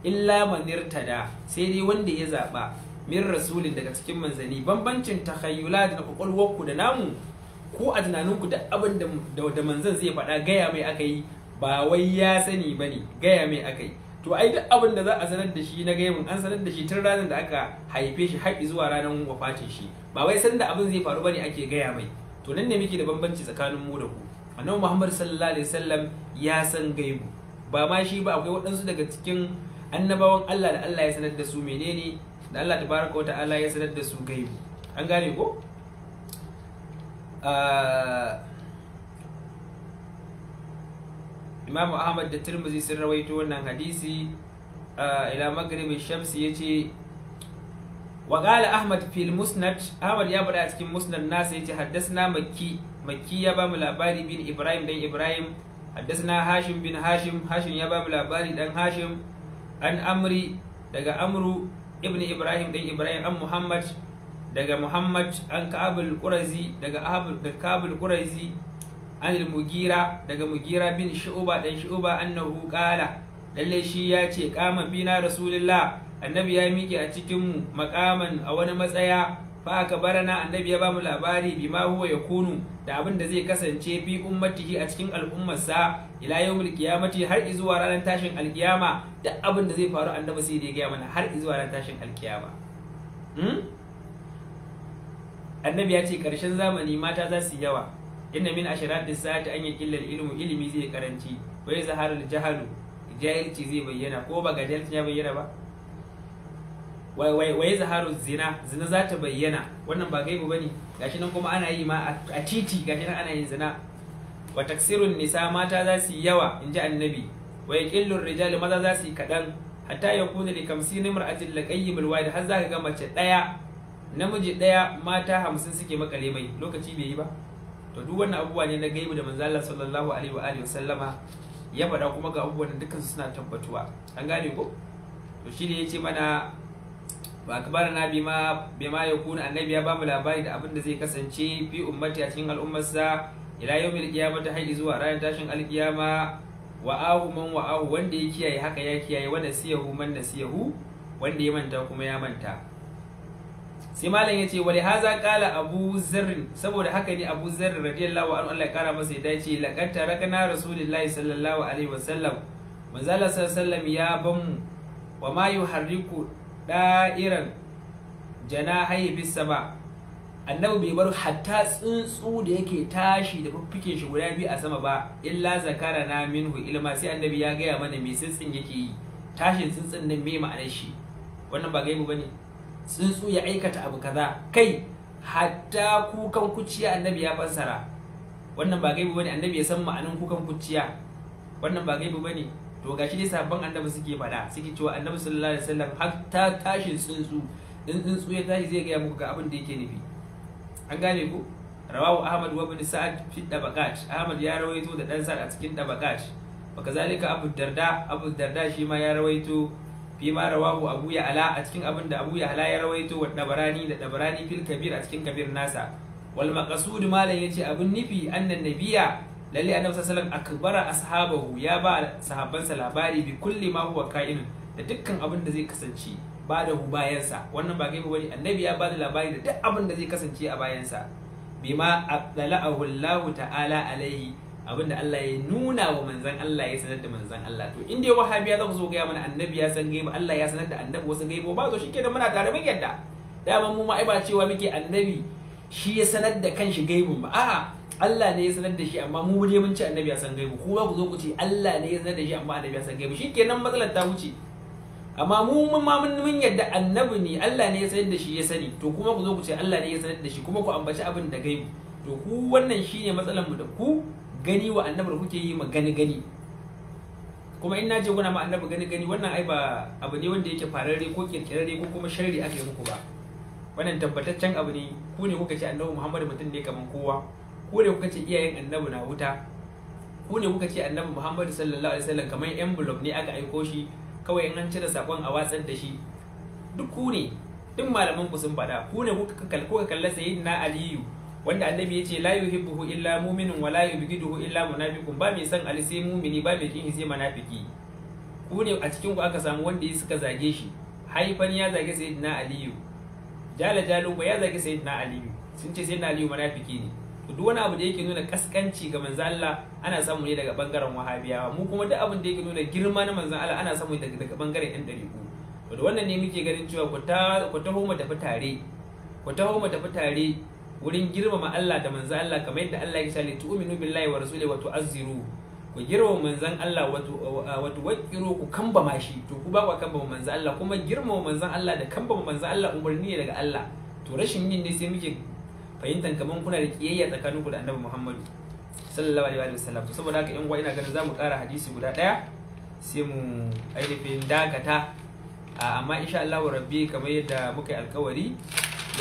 illa manirtada sai dai wanda ya zaba min rasulin daga cikin manzanni bambancin takhayyulat na ku da namu ko a tunaninku da abin da manzan zai faɗa gaya mai aka yi ba wai ya sani ba ne gaya mai aka yi to ai duk abin da za a sanar da shi na gaimin an sanar da shi tun ranar da aka haife shi har zuwa ranar wafatin shi ba wai da abin zai faru bane ake gaya mai to nan ne muke da bambanci tsakanin mu da ku annabi Muhammad sallallahu alaihi wasallam ya san gaibu ba ma shi ba akwai waɗansu daga cikin annabawan Allah da Allah ya sanar da su menene da Allah tabaraka wa ta'ala ya sanar da su gaibu an gane ko ah, imamu ahmad da tirmizi sun rawaito wannan hadisi uh, ila maghrib shamsi yace wa qala ahmad fil musnad ahmad ya bada cikin musnad nasa yace haddasna makki makki ya ba mu labari bin ibrahim dan ibrahim haddasna hashim bin hashim hashim ya ba mu labari dan hashim an amri daga amru ibn ibrahim dan ibrahim an muhammad daga muhammad an kabul qurazi daga abul kabul qurazi anil mugira daga mugira bin shu'uba dan shu'uba annahu qala lalle shi ya ce kama bina rasulullah annabi ya miƙe a cikin mu makaman a wani matsaya fa aka barana annabi ya bamu labari bima huwa yakunu da abin da zai kasance bi ummatihi a cikin al'ummarsa ila yawmul qiyamati har zuwa ranar tashin alkiyama duk abin da zai faru annabi sai da ya gaya mana har zuwa ranar tashin alkiyama hmm? annabi ya ce karshen zamani mata za su yawa inna min asharati sa'ati an yaqilla ilmu ilimi zai karanci wa yazharu al-jahalu jahilci zai bayyana ko ba ga jahilci ya bayyana ba wa yazharu zina zina za ta bayyana wannan ba gaibu bane gashi nan kuma ana yi ma a titi gashi nan ana yin zina wa taksirun nisa mata za su yi yawa in ji annabi wa yaqillu ar-rijalu maza za su yi kadan hatta yakuna li kamsin imra'atin laqayyim al-wahid har za ka ga mace daya namiji daya mata 50 suke makale mai lokaci bai yi ba to duk wannan abubuwa ne na gaibu da manzo Allah sallallahu alaihi wa alihi wasallama ya faɗa kuma ga abubuwan dukkan suna tabbatuwa an gane ko to shine yace mana ba akbar na bi bima yakuna annabi ya ba mu labari da abin da zai kasance fi ummati a cikin al'ummarsa ila yawmil qiyamati haidi zuwa ranar tashin alqiyama wa ahu man wa ahu wanda ya kiyaye haka ya kiyaye wanda siyahu man nasiyahu wanda ya manta kuma ya manta sai malam ya ce wali haza kala abu zarrin saboda haka ne abu zarrin radiyallahu anhu Allah ya kara masa ya dace laqad tarakna rasulullahi sallallahu alaihi wasallam manzo sallallahu ya ban mu wa ma yuharriku da'iran janahi ba. sama annabi bai bar hatta tsuntsu da yake tashi da fuffuke shi guda biyu a sama ba illa zakara na minhu ilma sai annabi ya gaya mana me tsintsin yake yi tashin tsintsin nan me ma'anar shi wannan ba gaibu bane tsuntsu ya aikata abu kaza kai hatta kukan kuciya annabi ya fassara wannan ba gaibu bane annabi ya san ma'anin kukan kuciya wannan ba gaibu bane to gashi dai sabon annabi suke faɗa suke cewa annabi sallallahu alaihi wasallam hatta tashin tsuntsu in tsuntsu ya tashi zai gaya muku ga abin da yake nufi an gane ku rawahu ahmad wa ibn sa'ad fi dabaqat ahmad ya rawaito da dan sa'ad a cikin dabaqat wa kazalika abu darda abu darda shi ma ya rawaito fi ma rawahu abu ya ala a cikin abin da abu ya ala ya rawaito wa dabarani da dabarani fil kabir a cikin kabir nasa wal maqsud ya ce abin nufi annan nabiya lalle annabi sallallahu alaihi wasallam akbara ashabahu ya ba sahabbansa labari bi kulli ma huwa ka'in da dukkan abin da zai kasance ba da hu bayansa wannan ba gaibu bane annabi ya ba da labari da duk abin da zai kasance a bayansa bima aqdalahu Allah ta'ala alaihi abinda Allah ya nuna wa manzan Allah ya sanar da manzan Allah to in dai wahabiya za ku zo gaya mana annabi ya san gaiba Allah ya sanar da annabi wasu gaibo ba to kenan muna tare mun yadda dama mu ma ai ba cewa muke annabi shi ya sanar da kanshi gaibun ba a'a Allah ne ya sanar da shi amma mu dai mun ce annabi ya san gaibu ku ba ku zo ku ce Allah ne ya sanar da shi amma annabi ya san gaibu kenan matsalar ta wuce amma mu mun ma mun yadda annabi ne Allah ne ya sanar da shi ya sani to kuma ku zo ku ce Allah ne ya sanar da shi kuma ku ambaci abin da gaibu to ku wannan shine matsalar mu da ku gani wa annabar kuke yi ma gani gani kuma in je guna ma annabar gani gani wannan ai ba abu ne wanda yake fararre ko kirkirarre ko kuma sharri aka yi muku ba wannan tabbataccen abu ne ku ne kuka ce annabi muhammadu mutum ne kaman kowa ku ne kuka ce iyayen annabi na wuta ku ne kuka ce annabi muhammadu sallallahu alaihi wasallam kamar envelope ne aka aiko shi kawai in an cire sakon a watsar da shi duk ku ne duk malaman ku sun faɗa ku ne kuka kalla sayyidina aliyu wanda annabi ya ce la yuhibbuhu illa mu'minun wa la yubghiduhu illa munafiqun ba mai san ali sai mu'mini ba mai kin sai munafiki ku ne a cikin ku aka samu wanda ya suka zage shi haifan ya zage sayyidina aliyu jala jalo ba ya zage sayyidina aliyu sun ce sayyidina aliyu munafiki ne to duk wani abu da yake nuna kaskanci ga manzo Allah ana samu ne daga bangaren wahabiyawa mu kuma duk abin da yake nuna girma na manzo Allah ana samu daga bangaren yan dariku to da wannan ne muke ganin cewa ku ta ku taho mu tafi tare ku taho mu tafi tare wurin girmama Allah da manzan Allah kamar yadda Allah ya shali uminu billahi wa rasuli wa tu'azziru ku girmama manzan Allah wa tuwaqqiru ku kambama shi to ku ba ku kambama manzan Allah kuma girmama manzan Allah da kambama manzan Allah umarni ne daga Allah to rashin yin ne sai muke fahimtar kamar kuna da kiyayya tsakaninku da Annabi Muhammadu sallallahu alaihi wa sallam saboda haka yan uwa ina ganin zamu ƙara hadisi guda ɗaya sai mu ainihin dakata amma insha Allah rabbi kamar yadda muka yi alkawari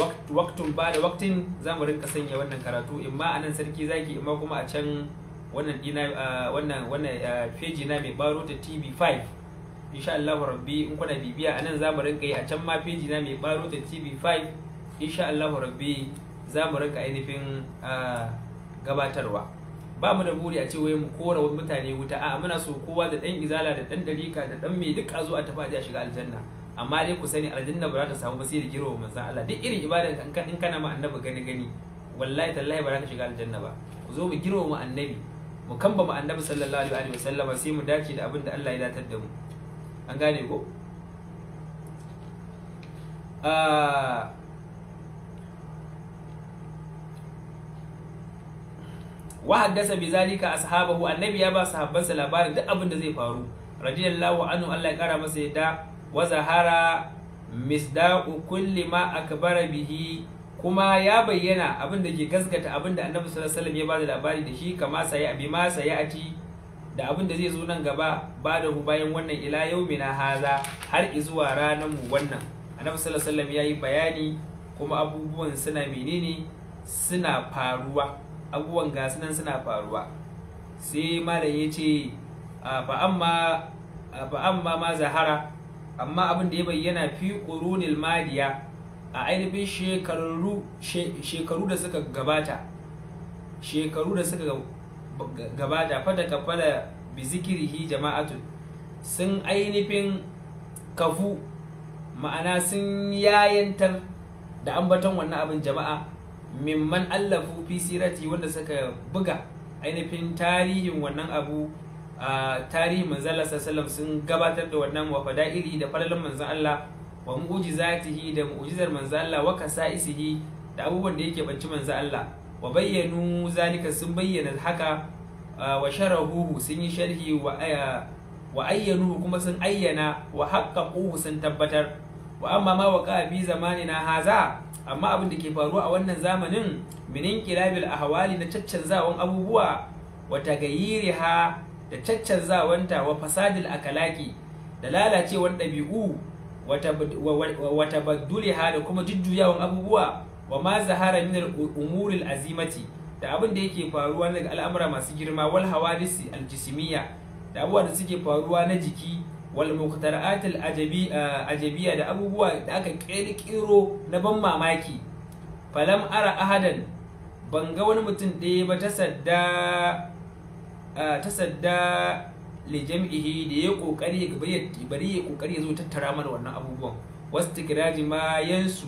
waktun ba da waktin za mu rinka sanya wannan karatu in ma a nan sarki zaki in ma kuma a can wannan dina wannan wannan feji na mai baro ta TV5 insha Allah rabbi in kuna bibiya a nan za mu rinka yi a can ma feji na mai baro ta TV5 insha Allah rabbi za mu rinka ainihin gabatarwa ba mu da buri a ce wai mu kora mutane wuta a muna so kowa da dan izala da dan dalika da dan mai duk a zo a tafi a shiga aljanna amma dai ku sani aljanna ba za ta samu basiri girma manzon Allah duk irin ibadan kan kan in kana ma annabi gani gani wallahi tallahi ba za ka shiga aljanna ba ku zo mu girma mu annabi mu kamba mu annabi sallallahu alaihi wa sai mu dace da abin da Allah ya datar da mu an gane ko ah, wa haddasa bi zalika ashabahu annabi ya ba sahabbansa labarin duk abin da zai faru radiyallahu anhu Allah ya kara masa yadda wa zahara misdaqu kulli ma akbara bihi kuma ya bayyana abin da ke gaskata abin da annabi sallallahu alaihi wasallam ya bada labari da shi kama sai abi ma sai ati da abin da zai zo nan gaba ba da bayan wannan ila na haza har zuwa ranar mu wannan annabi sallallahu alaihi wasallam yayi bayani kuma abubuwan suna menene suna faruwa abubuwan ga sunan suna faruwa sai malam ya ce fa amma ma zahara amma abin da ya bayyana fi qurunil madiya a ainihin shekaru da suka gabata shekaru da suka gabata fada fada bi zikirihi jama'atun sun ainihin kafu ma'ana sun yayantar da ambaton wannan abin jama'a mimman allafu fi sirati wanda suka buga ainihin tarihin wannan abu tarihin manzon Allah sun gabatar da wannan wa fada'ili da falalan manzan Allah wa mu'jizatihi da mu'jizar manzan Allah wa kasaisihi da abubuwan da yake banci manzan Allah wa bayyanu zalika sun bayyana haka wa sharahuhu sun yi sharhi wa wa ayyanu kuma sun ayyana wa haqqaquhu sun tabbatar wa amma ma waqa bi zamanina haza amma abin da ke faruwa a wannan zamanin minin kilabil ahwali na caccanzawan abubuwa wa tagayyiriha da wanta wa fasadil akalaki da lalacewar ɗabi'u wa ha da kuma jujjuyawan abubuwa wa ma zahara minar umuril azimati da abin da yake faruwa daga al'amura masu girma wal hawadisi aljisimiya da abubuwa da suke faruwa na jiki wal muqtara'at Ajabiya, da abubuwa da aka ƙirƙiro na ban mamaki falam ara ahadan ban ga wani mutum ɗaya ba ta sadda tasadda li jam'ihi da ya kokari bari ya kokari ya zo tattara mana wannan abubuwan wastikraji ma yansu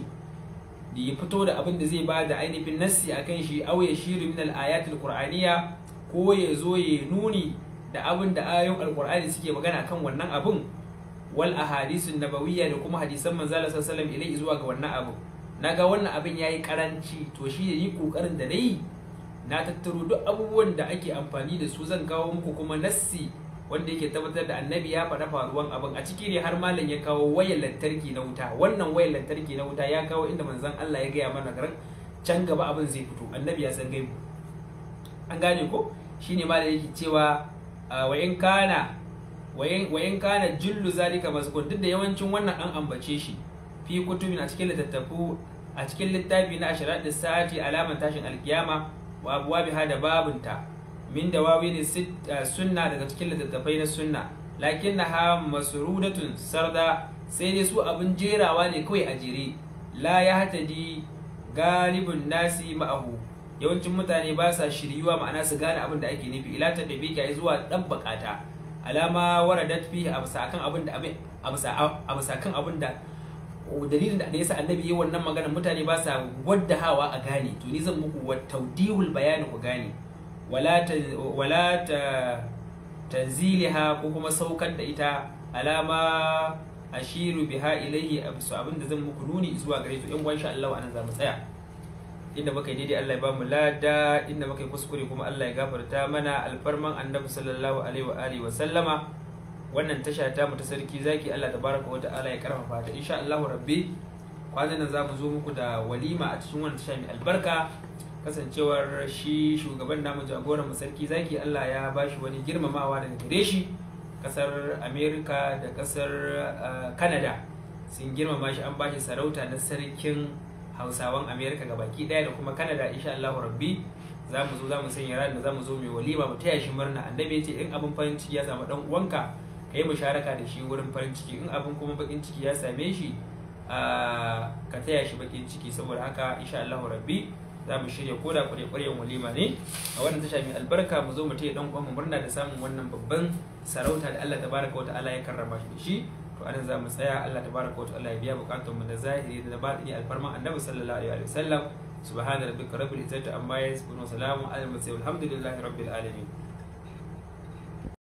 da ya fito da abin da zai ba da ainihin nassi kan shi au ya shirin min al ko ya zo ya nuni da abin da ayoyin alqur'ani suke magana kan wannan abun wal ahadisun nabawiyya da kuma hadisan manzo sallallahu alaihi ilai zuwa ga wannan abu naga wannan abin yayi karanci to shi ne kokarin da nayi na tattaro duk abubuwan da ake amfani da su zan kawo muku kuma nassi wanda yake tabbatar da annabi ya faɗa faruwan abin a ciki ne har malam ya kawo wayar lantarki na wuta wannan wayar lantarki na wuta ya kawo inda manzon Allah ya gaya mana garan can gaba abin zai fito annabi ya san gaibu an gane ko shine malam yake cewa wa in kana wa in kana jullu zalika mazkur duk da yawancin wannan an ambace shi fi kutubi na cikin littattafu a cikin littafi na ashirat sa'ati alaman tashin alkiyama wa bi hada babunta min ne eh, sunna daga cikin littattafai na sunna lakin na ha masrudatun sarda sai dai su abin jerawa ne kawai a jere la ya di galibun nasi ma'ahu yawancin mutane ba sa shiryuwa ma'ana su gane abin da ake nufi ila ta dabi ka zuwa dan bakata alama waradat a bisa kan abin da abin bisa kan abin da dalilin da yasa annabi yi wannan magana mutane ba sa wadda hawa a gane to ni zan muku wa tawdihul bayani ku gane wala ta wala ta tanziliha ko kuma saukar da ita alama ashiru biha ilaihi abin abinda zan muku nuni zuwa gare to in insha Allah anan za mu tsaya inda muka yi daidai Allah ya ba mu lada inda muka kuskure kuma Allah ya gafarta mana alfarman annabi sallallahu alaihi wa alihi wa sallama wannan tasha ta mutu sarki zaki Allah tabaraka wa ta'ala ya karfafa ta insha Allahu rabbi kwanan nan zamu zo muku da walima a cikin wannan tasha mai albarka kasancewar shi shugaban namu jagoran mu sarki zaki Allah ya bashi wani girmamawa daga gare shi kasar America da kasar ah, Canada sun girmama shi an bashi sarauta na sarkin Hausawan America baki daya da kuma Canada insha Allahu rabbi za mu zo za mu sanya ranar da za mu zo mai walima mu taya shi murna annabi ya ce in abin fanci ya samu dan uwanka ka yi musharaka da shi wurin farin ciki in abin kuma bakin ciki ya same shi ka taya shi bakin ciki saboda haka insha Allahu rabbi za mu shirya koda kure kuryen walima ne a wannan tasha mai albarka mu zo mu taya dan uwan mu murna da samun wannan babban sarauta da Allah tabaraka wa ta'ala ya karrama shi da shi to anan za mu tsaya Allah tabaraka wa ta'ala ya biya bukatun mu na zahiri da batini alfarma annabi sallallahu alaihi wa sallam subhana rabbika rabbil izzati amma yasifun wa salamun alal mursalin alhamdulillahi rabbil alamin